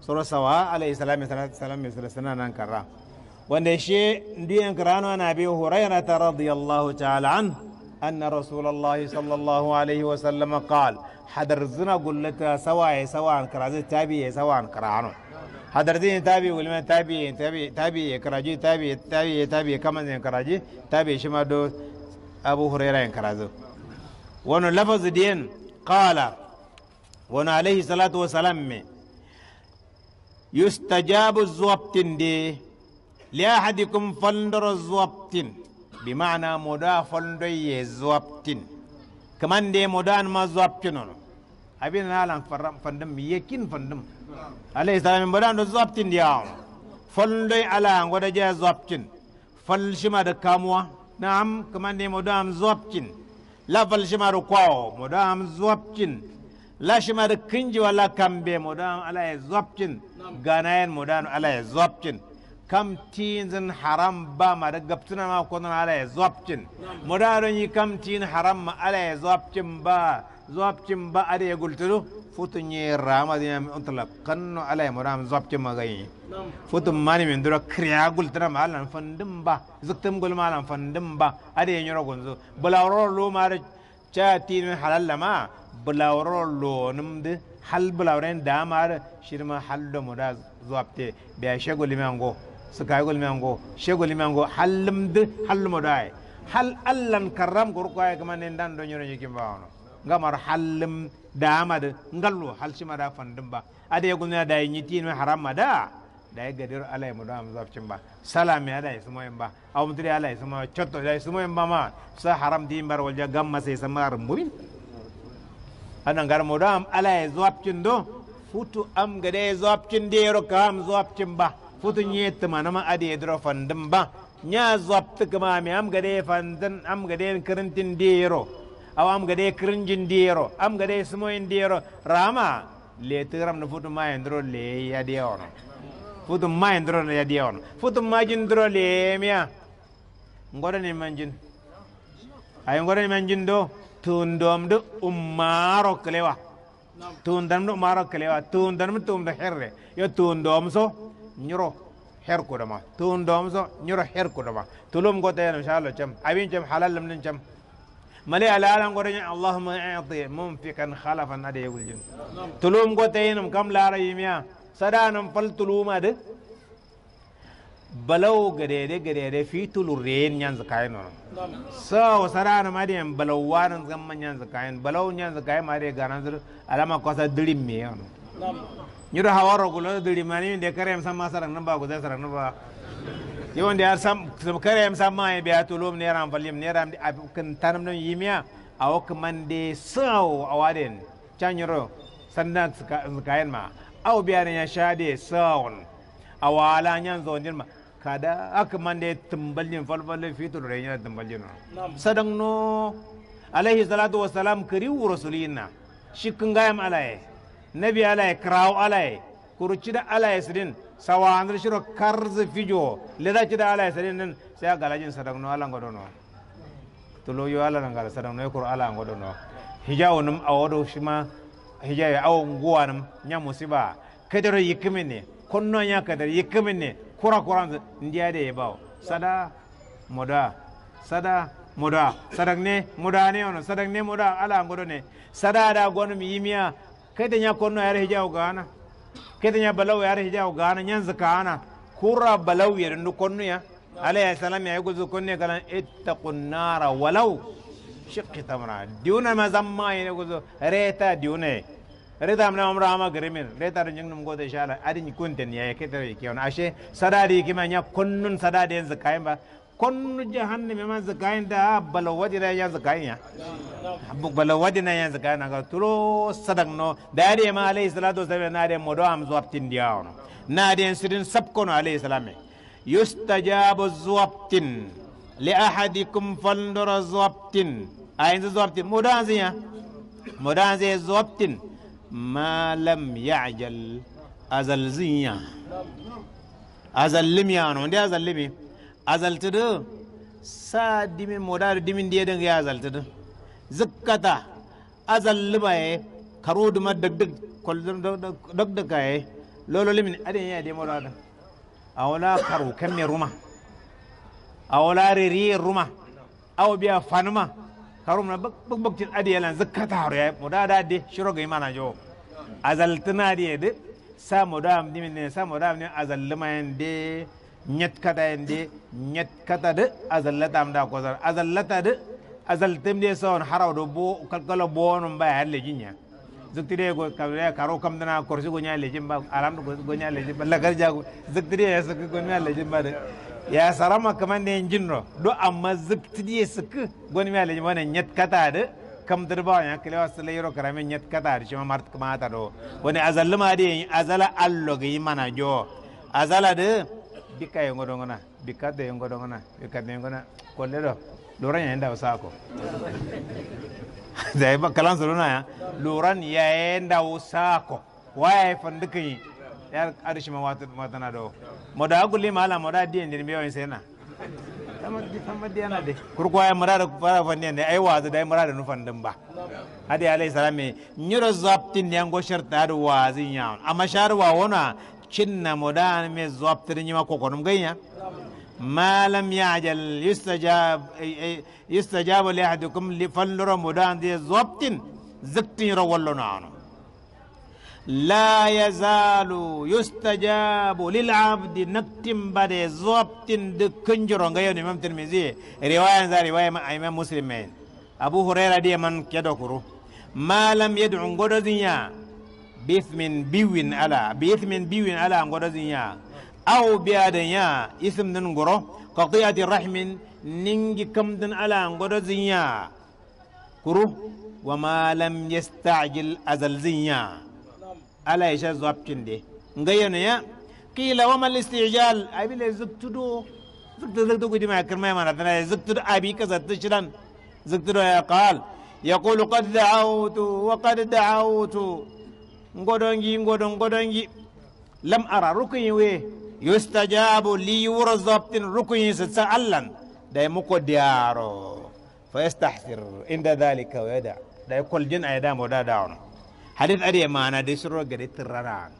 sura sawa alayhi salam salam salasana nan karra wanda shi ndiyan karano na bi ta radiyallahu ta'ala an anna rasulullahi sallallahu alayhi wa sallam qal hadar zina gullata sawa ya sawa an karaje tabi ya sawa an karano hadar din tabi ulma tabi tabi tabi ya tabi tabi tabi kaman ya karaje tabi shi ma do abu hurairah ya karaje wannan lafazi din qala wannan alayhi salatu wa salam me yustajabu zuwabtin de li ahadikum fondoro zuwabtin bi mana moɗo a fondoye zuwabtin kaman de ma moɗo anma zuwabtinono abina alan fandum yekin fandum alayhi salam mboɗo an ɗo zuwabtin yawon fondoy ala goɗo jiya zuwabtin falshima da kamuwa na am kaman de moɗo am zuwabtin la falshima da kwawo moɗo am zuwabtin lashimar kinji wala kambe modan ala ya zopcin ganayen modan ala ya zopcin kam tinzin haram ba ma da gaptuna ma kunan ala ya zopcin modan yi kam tin haram ma ala ya zopcin ba zopcin ba ada ya gultulu futun yi rama da yami untala kanno ala ya modan zopcin ma gayi futun mani min dura kriya gultuna ma alan fandin ba zuktum ma alan fandin ba ada ya nyoro gunzo bulawror lo ma da cha tin halal ma bulawrolonumdi hal bulawren damar shirma hallo muda zuwapte biya shegolimango sukai golimango shegolimango hallimdi hallumodai hal allan karram gorkoye kama nen dan do nyoro nyikim bawno ngamar hallim damad ngallu hal shimada fandimba ade gulna dai nyitin haram mada dai gadir alai mu dam zaf chimba salami alai sumo yamba awmtri alai sumo chotto da sumo yamba ma sa haram dimbar walja gamma sai samar mubin anan garmoɗo am ala e zoapcin do futu am gade e zoapcinde yero ka am zoapcin ba futu ñettumanama adi e doro fandim ba ña zopti kamami am gade e fantin am gade e kirintin diyero aw am gade e kirinjin diyero am gade simoyin diyero rama le tigram na futu ma endro le ya diyono futu ma endro le ya diyono futu ma jin dro le miya ngoda ni manjin ay ngoda ni manjin do تندمد أمارو كليوا تندمد أمارو كليوا تندمد تمد حرة يا تندم سو نيرو حر كودما تندم سو نيرو حر كودما تلوم قطع إن شاء الله جم أبين جم حلال لم نجم ملي على عالم قرن اللهم أعطي منفقا خلفا هذا يقول جن تلوم قطع إنهم كم لا رأي ميا سدانم فلتلوم هذا balaw gare gare fitul reen nyan zakayen no so wasara na mari en balaw waran man nyan zakayen balau nyan zakayen mari garan zur alama kosa dirim me yon nyiro hawaro gulo dirim dilimani de karem sama sarang namba go sarang namba yon de sam karem sama e biatu lum ne ram valim ne ram kan tanam no yimia awok mande saw awaden chanyiro sandan zakayen ma aw biya ne ya shade so awala nyan zondin ma kada akmande tumbalin falfalle fitul renya tumbalin sadang no alaihi salatu wassalam kari rasulina shikin gayam alaye nabi alaye kraw alaye da alaye sidin sawa andar shiro karz fijo leda cida alaye sidin nan sai galajin sadang no alango dono tulo yo ala ngal sadang no kur ala ngo no hijawo num awodo shima hijawo awon guwanum nya musiba kadaro yikimene konno nya kadar yekemenne kura kuran ndiya de yebao sada moda sada moda sadak ne moda ne ono sadak ne moda ala ngodo ne sada da gonu mi yimiya kede nya konno yare hijaw gana kede nya balaw yare hijaw gana nyan zakana kura balaw yare ndu konno ya alayhi salam ya yugo konne kala ittaqun nara walau shiqqi tamra diuna mazamma yugo reta diuna rita mna umra ama gremir rita rin jingnum de shala adin kunten ya ketere kiyon ashe sadadi kimanya kunnun sadadi yanzu kayan ba konnu jahannami man zakayin da balawadi na ya zakayin ya balawadi na ya zakayin ga turo sadak no da ya ma alayhi salatu wasallam na da modo am zuwaptin dia ono na da sidin sabko no alayhi salam e. yustajabu zuwaptin li ahadikum fandura zuwaptin a yanzu zuwaptin modo an zinya modo an zai zuwaptin ما لم يعجل أزل زيا أزل لميانو دي أزل لمي أزل تدو سا ديمي مدار ديمين دي دنگ أزل تدو زكتا أزل لباي كرود ما دك دك كل دك دك أي لولو لمن أدين يا دي مدار أولا كرو كمي روما أولا ريري روما أو بيا فانما harumna haru ya muda ada adi shiro gay mana jo azal azaltina diye de sa moda amdi minne sa moda amdi lima ende nyet kata ende nyet kata de azal azallata amda kozar azal lata de azal azaltim de on haraw do bo kal kalkalo bo on ba halle jinya zaktire go kamre karo kam dana korsi go nya lejin ba alam go nya lejin ba lagar jago zaktire ya sakko go nya lejin ba de ya sarama kaman yin jinro do amma ziktidiye gwani mai mala wani wona nyet katade kam dirba wa kile wasle karamin karame nyet katade shima mart kuma ta do ma da yin azala allo yi mana jo azala da bika yengo dongona bika de yengo dongona bika da yin na kolle do loran ya enda usako zai ba kalan suruna ya loran yar arishi ma wata na do mo da aguli mala mo da diye ndin biyo insena tamma di tamma di ana de kurgo ay marara yi fanni ne ay wazu da marara nu ba. dum ba hadi alayhi salami nyoro zaptin ne ngo sharta do wazin ya amma sharwa wona cinna mo da an me zaptin ni ma kokon mu ganya malam ya ajal yustajab eh, eh, yustajab li ahadukum li fallu ramadan di zaptin zaktin ro wallo na anu la ya zalu yustajabu lil abdi naktin bade zobtin dukkan juro ga yau neman tirmizi riwaya za riwaya ma imam muslim abu abu huraira dia man da kuru malam yad'u ngodo zinya bismin biwin ala bismin biwin ala ngodo zinya biya da ya isim din ngoro qatiyati rahimin ningi kamdin ala ngodo zinya kuru wa malam yasta'jil azal zinya ala isha zaptinde ngayana ya qila wama al-istijal abile zuktudo zuktudo zuktudo kudima kirma mana tana zuktudo abi kaza tishidan zuktudo ya qal yaqulu qad da'awtu wa qad da'awtu ngodongi ngodon ngodongi lam ara rukun we yustajabu li yura zaptin rukun sa allan da muko diaro fa yastahsir inda dhalika wa yada da kol jin ayda mo da da'ono حديث أدي أمانة دي سرو قد شيا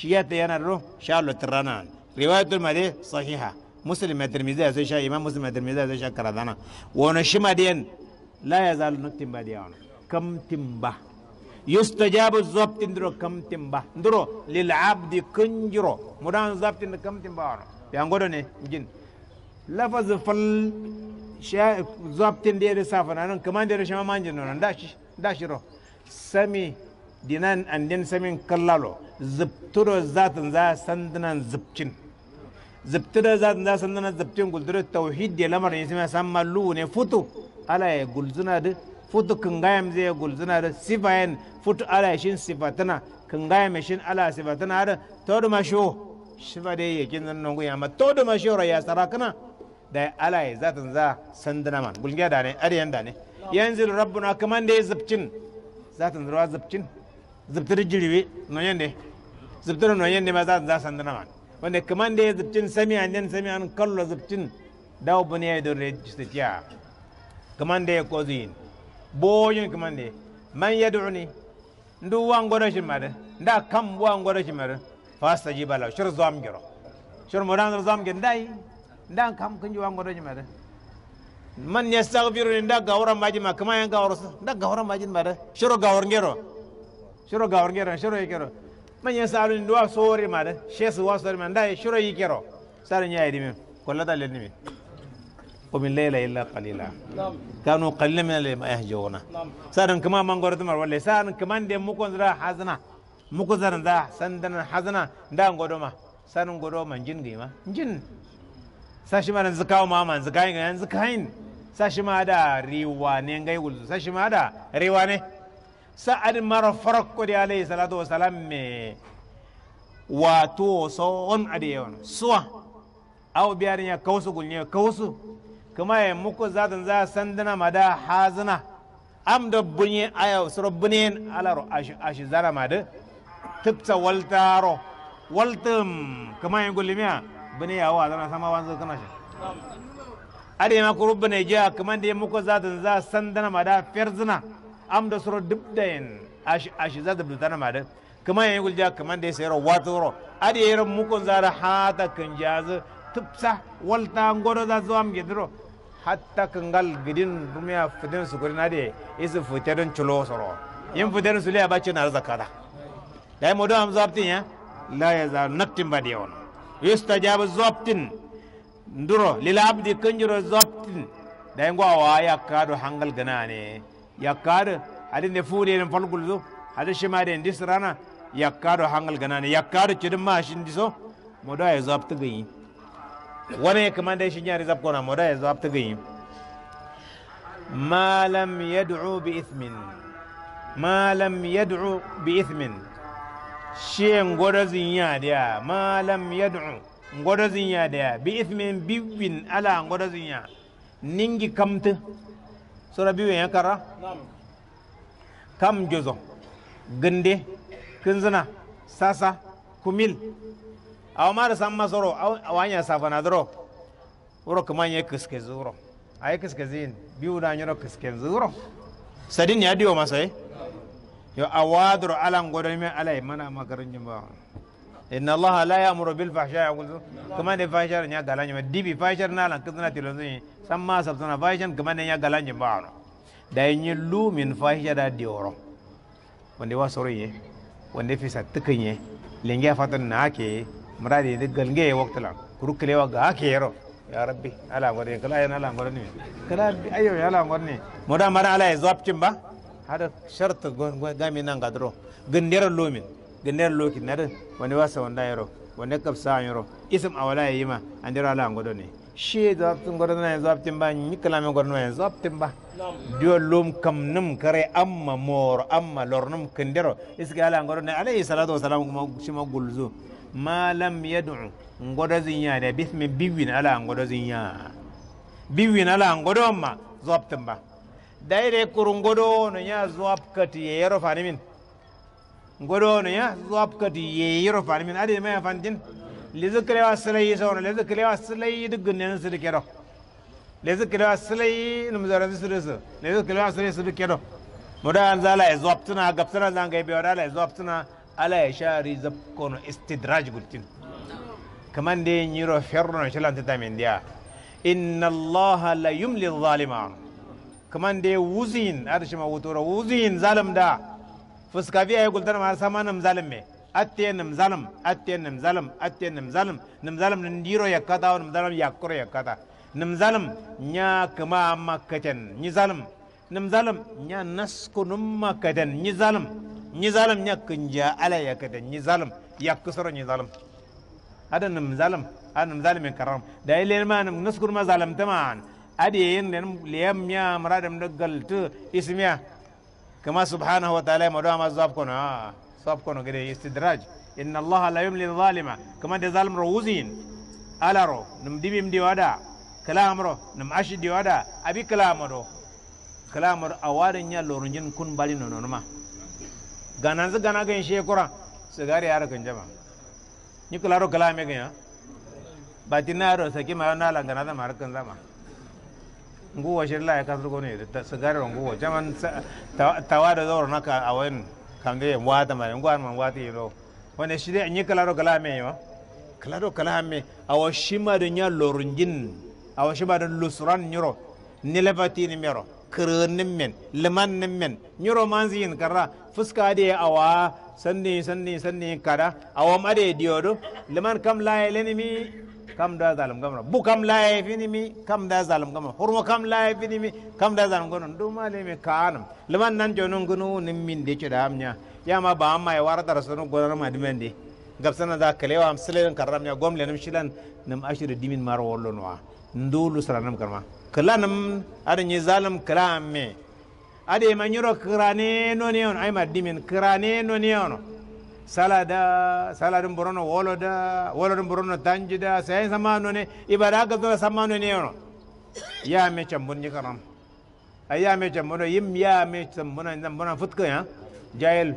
شيات ينرو شالو ترنان رواية دول المدي صحيحة مسلم الترمذي زي شا إمام مسلم الترمذي زي شا كرادانا ونشما دين لا يزال نتمبا بديان كم تمبا يستجاب الزبط اندرو كم تمبا اندرو للعبد كنجرو مدان الزبط اندرو كم تمبا يانقودو جن لفظ فل شا زبط اندرو سافنا كمان دير شما مانجنو داشي داشي رو سمي dinan andin samin kallalo zipturo zatin za sandunan zipcin zipturo zatin za sandunan zipcin gulduro tauhid ya lamar ne sima san mallu ne futu ala ya gulzuna da futu kingayam zai ya gulzuna da sifayen futu ala ya shin sifatana kingayam shin ala sifatana da todo masho shifa dai ya kin zannan guya ma todo masho ra ya sarakana da ala ya zatin za sanduna man gulgiya da ne ariyan da ne yanzu rabbuna kaman da ya zipcin zatin ruwa zipcin jiri wi zibtir jiribi noyende zibtir noyende ma za san dana man wanda kaman da zibtin sami an den sami an kallo zibtin daw bune ya dore jistiya kaman da ko zin boyin kaman da man yad'uni ndu shi mare nda kam shi mare fasta ji bala shir zam giro shir mo mudan zam gi ndai nda kam kunji shi mare man yastaghfiruni nda gawra majima kaman yan gawra nda gawra majin mare shiro gawr ngero shiro gawar gero shiro yi kero man yin sabon duwa sori ma da shi su wa sori man da yi shiro yi kero sabon ya yi dimi kwallo da lalimi ko min laila illa qalila kanu qalila min alayma yahjuna eh sabon kuma man gore tumar walle sabon kuma de mu ko zara hazna mu ko zara da sandan hazna da ngodo ma sabon ngodo ma jin gi ma jin sashi ma nan zakawo ma man zakayin nan zakayin sashi ma da riwa ne ngai wulzu sashi ma da riwa ne sa'ad mara farakkode alayhi salatu wa salam me wato so on ade on suwa aw ya kawsu gulnya kawsu kuma ya muku zadan za sandana mada hazana am da bunye aya suro ro alaro ashi zara mada tipta waltaro waltum kuma ya gulmiya bune wa zana sama wanzu kana shi ade ma kurubba ne ja kuma da muku zadan za sandana mada ferzina Am amda soro yin ashi zada blutana mada kuma yayin gulja kuma da sayro watoro adi yero mukon zara hata kanjaz tupsa walta ngoro za zuam gidro hatta gal gidin dumiya fidin sukuri nade isu futedon culo soro yin su liya bacci na zakata dai modo am zaptin ya la ya za naktin badi da yustajabu zaptin nduro lil abdi kanjiro zaptin yi ngwa wa ya kado hangal gana ne. yakkaɗo aɗa nde fuuɗiɗen falguldu aɗa shima en dis rana yakkaɗo hangal ganane yakkaɗo ceɗo machine dis o moɗo a zab tigayi wona commande ciñare zab kona moɗo a zab tigayi ma lam yad'u bi ithmin ma lam yad'u bi ithmin she ngoɗo ziñaɗeya ma lam yad'u ngoɗo ziñaɗeya bi ithmin biwin ala ngoɗo ziña ningi kamta. sura biyu yan kara kam jozo gande kinzina sasa kumil a ma da san masoro awanya safana doro wuro kuma ya kiske zuro yi kiske zin biyu da nyoro kiske zuro sadin ya diyo masa eh yo awadro alan godon me alai mana makarin jimba inna allaha la ya'muru bil fahsha'i wa kuma ne fahshar ya galan dibi fahshar na lan na tilon zin samma sabtana fahishan kamane ya galan je baano da yin lu min fahisha da dioro wanda wa soro ye wanda fi sattukan ye linge fatan na ake muradi da galge ya waktala kurukule wa ga ake yaro ya rabbi ala ngorne kala yana ala ngorne kala ayo ya ala ngorne moda mara ala ya zapcin ba hada shart gami nan gadro gindiyar lumin gindiyar lokin na wani wasa wanda yaro wani kapsa yaro ism awala ya yima andira ala ngorne she zaptin gwarna ya zaptin ba ni kalame gwarna ya zaptin ba diwa lom kam nim kare amma mor amma lor nim kindero iska ala gwarna alayhi salatu wasalam kuma shima gulzo ma lam yad'u ngodo zinya da bismi biwin ala ngodo zinya biwin ala ngodo ma zaptin ba daire kurun ngodo no ya zapkati ya yaro fanimin ngodo no ya zapkati ya yaro fanimin min ade mai fanjin لذكر واسلي سون لذكر واسلي دقن ينسل كيرو لذكر واسلي نمزار سرس لذكر واسلي سبك كيرو مدان زالا زوبتنا غبتنا زان غي بيورا زوبتنا على شاري زبكون استدراج قلتين كمان دي نيرو فيرنو شلان تتامين ديا إن الله لا يملي الظالمان كمان دي وزين هذا شما وزين ظالم دا فسكافي أيقول تنا ما سامانم ظالم مي atte nim zalim atte nim zalim atte nim zalim nim zalim nin diro yakkata nim zalim yakkuro yakkata nim zalim nya kama amma makkaten ni zalim nim zalim nya nasku num makkaten ni zalim ni zalim nya kinja ala yakkaten ni zalim yakkusoro ni zalim ada nim zalim ada nim zalim en karam da ile ma nim nasku ma zalim taman ada yen len liyam nya maradam dagal tu ismiya kama subhanahu wa ta'ala ma do kono ah صاب كونو غري استدراج إن الله لا يملي الظالم كما دي ظالم روزين ألا رو نم دي بيم دي ودا كلام رو نم أش دي ودا أبي كلام رو كلام رو أوارن يا لورنجن كون بالي نو نما غانانز غانا غين شي كورا سغاري يارو كنجما نيكلا رو كلام يا باجنا رو سكي ما نالا غانا ما ركن زما nguwa shirla ya kasar gone da sigari nguwa jaman tawa da zaura naka a wani kamde en wadama en gwanma en waati yelo wone side ñi kalaro kala me yo ro kala me awa shimado ña loru jin awa shimado lusuran ñuro nilebatini mero kerenin men limanin men ñuro manzin karra fuska ade awa sanni sanni sanni kada awa made diyodo liman kam la e mi kam da zalim gamna bu kam laye mi kam da zalim gamna hurmo kam laye mi kam da zalim gamna do male me kanam liman nan jono ngunu nim min de ci damnya ya ma ba ma war dar rasunu gonar ma dimende sana da kalewa am silen karam ya gomle nim shilan nim ashir dimin mar wollo no wa ndulu saranam karma kalanam ada ni zalim kalam me ade manyiro krane no neon ay ma dimin krane no neon සලදා සලරුම් බොරන ඕලොඩ ඕලරුම් බොරන තංජිද සෑන් සමානුවනේ ඉබරාගතුව සම්මානුවනේ යනු. යා මේච මුන්ජි කරම්. අයා මේච මොන ඉම් යා මේච මොන ඉඳ මොන ෆුත්කය ජයල්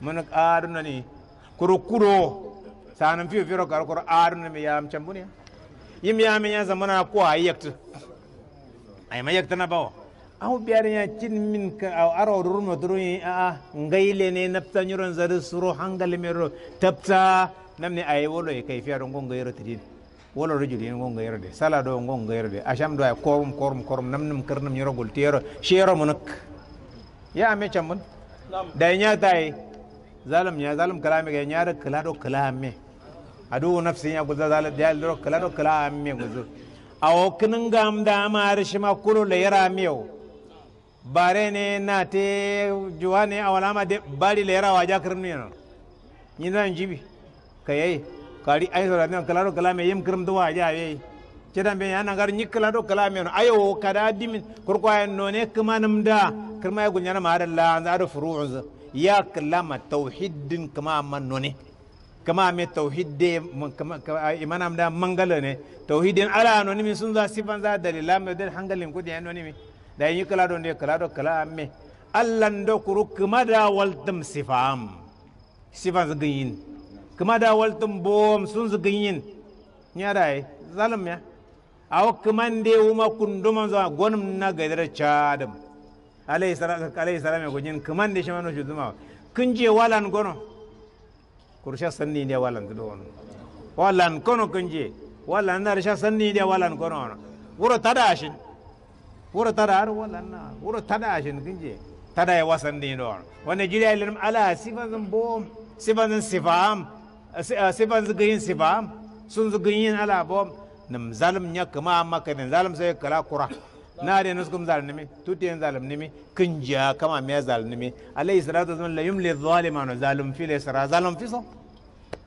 මොන ආරුණනි කුරු කුරෝ සානම් ෆිය ෆිරෝ කර කර ආරුණ මේ යාම් චම්බුනිය. ඉම් යා මේ යා සමන අකෝ අයක්ත. අයම යක්තන බව. aw ya cin min ka aw aro durma duruni a ngayle ne nafta nyuron zari suro hangal mero tapta namne ayi wolo e kai fiyar ngon ngayro tidin wolo rajul yen ngon ngayro de sala do ngon ngayro de asham do ay korum korum korum kar karnum nyoro gol tero shero munuk ya me chamun da nya tay zalim nya zalim kalame ga nya da kala do kalame adu nafsi nya guza zalim da do kala do kalame guzu awo kinin gam da ma rishima kulo le yara miyo bare ne na te juwa ne a walama de bari lera waja kirmni no nyidan jibi kayai kari ay kala ne kala me yim kirm do waja ye cedan be yana gar nyik kala kalame no ayo kada dimin kurko ay no ne kumanum da kirma ay gunyana ma adalla da zaru furu'u ya kalama tauhidin kama man no ne kama me tauhid de imanam da mangala ne tauhidin ala no ni sun za sifan za dalila me dal hangalin kudi no ni da yin kala don de kala do kala amme allan do kuru kuma da waltum sifam sifan zgin kuma da waltum bom sun zgin nya dai zalim ya aw kumande uma kunduma zo gonum na gaidar chadam alayhi salam alayhi salam gojin kumande zuma kun je walan gono kursha sanni ne walan do on walan kono je walan na rsha sanni ne walan gono wuro tadashin wuro tadar wala na wuro tadashin kinje tadai wasan din don wani jira ilim ala sifan zan bom sifan zan sifam sifan zan gayin sifam sun zan gayin ala bom nam zalim nya kama maka ne zalim sai kala kura na da nuskum zalim nimi tutiyan zalim nimi kinja kama me zalim nimi alayhi salatu wa sallam la yumli adh-dhaliman zalim fi la sara zalim fi so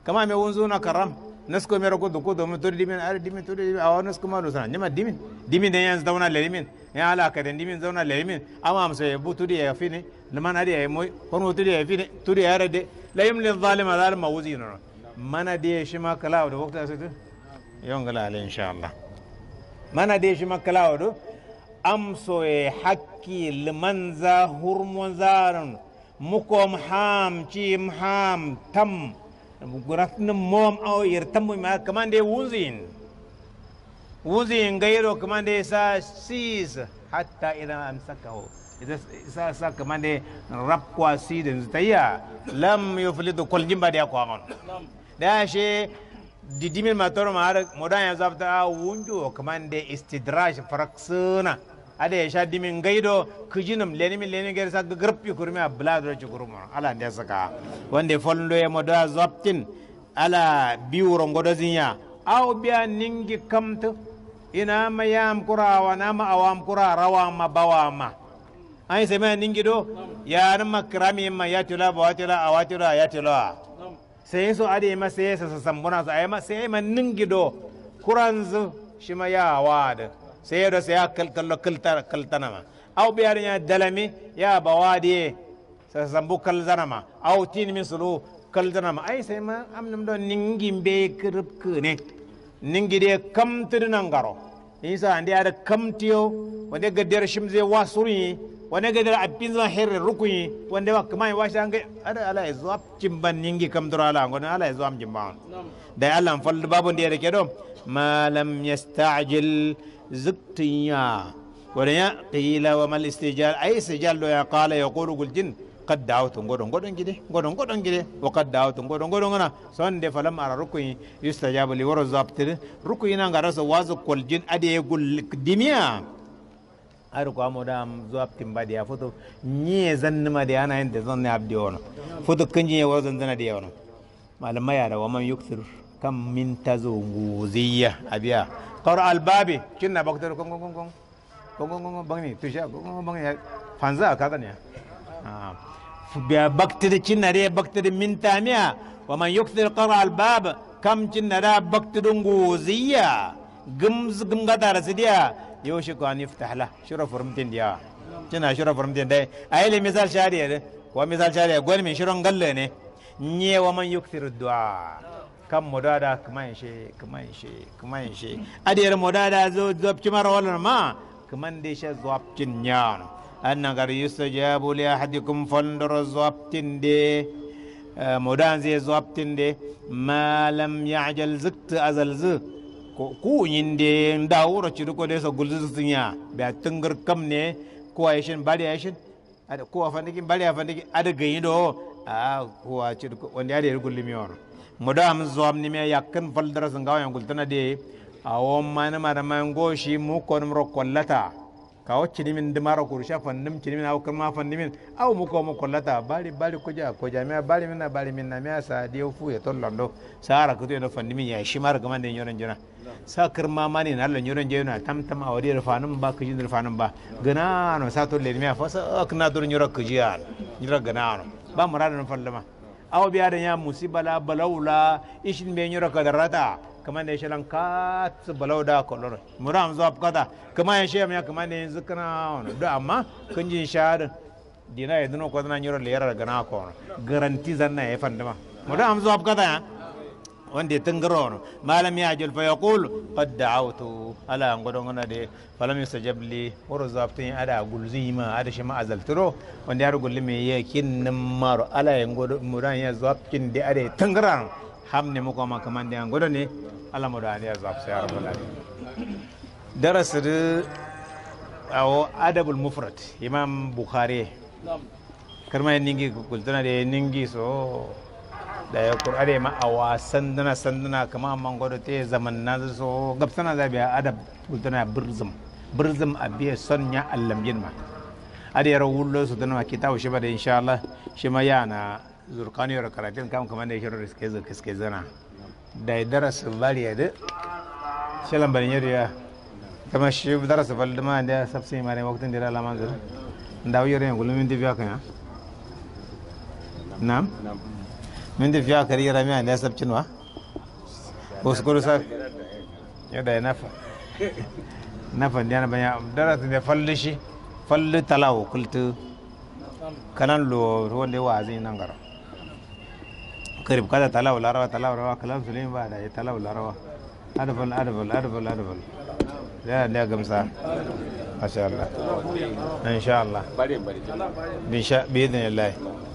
kama me wunzuna karam نسكو ميرو كودو كودو متوري ديمين أري ديمين تور دي أو نسكو ما لوسان نما ديمين ديمين ده ينز دونا لديمين يا على كده ديمين دونا لديمين أما أمس يبو توري يفيني لما نادي يموي كون توري يفيني توري أري ده لا يملي للظالم هذا الموزين نرى منا شي ما كلاود ده وقت أسيتو يونغلا عليه إن شاء الله منا دي شما كلاو ده أمسو حكي ظهر هرمونزارن مكم حام تشي محام تم guratna mom aw yer tambu ma kamande wunzin wunzin gairo kamande sa sis hatta idan amsakahu isa sa kamande rab kwa sidin tayya lam yuflidu kol jimba dia kwa da she didimin matoro ma har modan ya zabta wunjo kamande istidraj fraksuna ada sha dimin gaido kijinum lenimi leni kurmi a bula kurme ablado chukurmo ala ndia saka wande folndo e doya zaptin ala biwro ngodo zinya au biya ningi kamtu ina ma yam kurawa na ma awam kura rawa ma bawa ma ai sai mai ningi do ya na kirami ma ya tula ba tula awatula ya tula sai su adi ma sai sa sambuna yi ma sai ma ningi do kuranzu shi ma ya wada sai sai so yaha kallo kaltanama au ɓeyaɗo ña dalami ya bawadiye sasambu ma au tin min sulu kaltanama ay sema am nam ɗo ningi mbe kerep kene ningi de kamtiɗi nangaro isa nde aɗa kamtiyo wonde gadder chimse wasuri wane ga dara abin zan herre rukuni wanda wa kuma wa shan ga ada ala izwa jimban ningi kam dura ala ngon ala izwa jimban da Allah an fallu babun da yake do ma ya yasta'jil zuktiya wala ya qila wa mal istijal ay istijal do ya qala yaqulu gul jin qad da'awtu ngodon ngodon gide ngodon ngodon gide wa qad da'awtu ngodon ngodon ngana sonde falam ara rukuni yustajabu li wara zabtir rukuni na ngarasa wazu kol jin ade gul dimiya ayru ko amodam zo aptim badi ya foto nye zannuma de ana hende zanne abdi ono foto kanji ye wazan zana de ono mala mayara wa man yukthir kam min tazu nguziya abiya qara al babi kinna bakter kong kong kong kong kong kong kong bangni tusha kong kong bangni fanza ka kaga ne biya bakter kinna re bakter min tamia wa man yukthir qara al bab kam kinna da bakter nguziya gumz gumga darasidiya yo shi ko fitahala ftahla shura formtin dia tina shura formtin dai le misal ne wa misal shari'a gol min shiron galle ne nye wa man yukthiru du'a kam modada kuma she kuma she kuma she adiyar modada zo zopci mara wala ma kaman de she zopcin nyan annan gar yustajabu li ahadikum fandur zopcin de modan zai zopcin de ma lam ya'jal zikta azal zik ko kuyinde ndawuro cidu ko deso gulzisinya be atengar kamne ko shin bari shin ada ko afandiki bari afandiki ada gayido a ko a cidu ko wanda ada gulmi yor mudam am ni me yakkan faldara sanga yang gultana de awon mana mara mango shi mu kon ro kollata kawo chinimin ndimaro kurusha fannim chinimin awo kama fannimin au muko mo kollata bali bali kuja ko jamia bali minna bali minna mi sa diyo fu ya to tollando sara kuto no fannimin ya shimar gama ne nyoron jona sa kirma mani na Allah nyoron jona tam tam a wadi rufanum ba kujin rufanum ba gana no sa to le mi afa sa akna dur nyoro kujiya nyoro gana no ba murada no fallama awo biya da ya musibala balawla ishin be nyoro kadarata kamar da ya shirin kat balau da kolor muram zuwa apkata kama ya shirin ya kamar da ya yanzu na wani do amma kun kunji shahada dina ya yadno ko dana nyoro lera gana ko ono garanti zanna ya e fandama muram zo ya wanda ya tungaro wani malam ya jul fa yaqul qad da'awtu ala gudun da ngona de jabli yustajab zuwa woro zabtin ada gulzi gulzima ada a zaltiro wanda ya rugul me ya kinnin maro ala ya ngodo muran ya zabtin da ada tungara hamne muka kuma kaman de ngodon ne alla mo ani azab ya rabbal alamin awo adabul mufrat imam bukhari karma ningi kultana de ningi so da ya kurare ma a wasan dana sanduna kama amman gwada ta zaman na so gabsana za biya adab kultuna birzim birzim a biya son ya allamgin ma adiyar wulo su dana kita shi ba da insha shi ma yana zurkaniyar karatun kam kamar da shi riske zana دايدرس البالية دي شلن بنير يا كما شيب درس فالدما دي سبسي ماري وقت ديرا لا منزل ndaw yore ngul min di fiaka ya nam min di fiaka ri rami ande sab chinwa bos sa ya da nafa nafa ndiana banya darat ne fallishi falli talawo kultu kanan lo wonde wazi nangara اقترب كذا تلا ولا روا تلا روا كلام سليم بعد هاي تلا ولا روا أدبل أدبل أدبل أدبل لا لا قمصة ما شاء الله إن شاء الله بإذن الله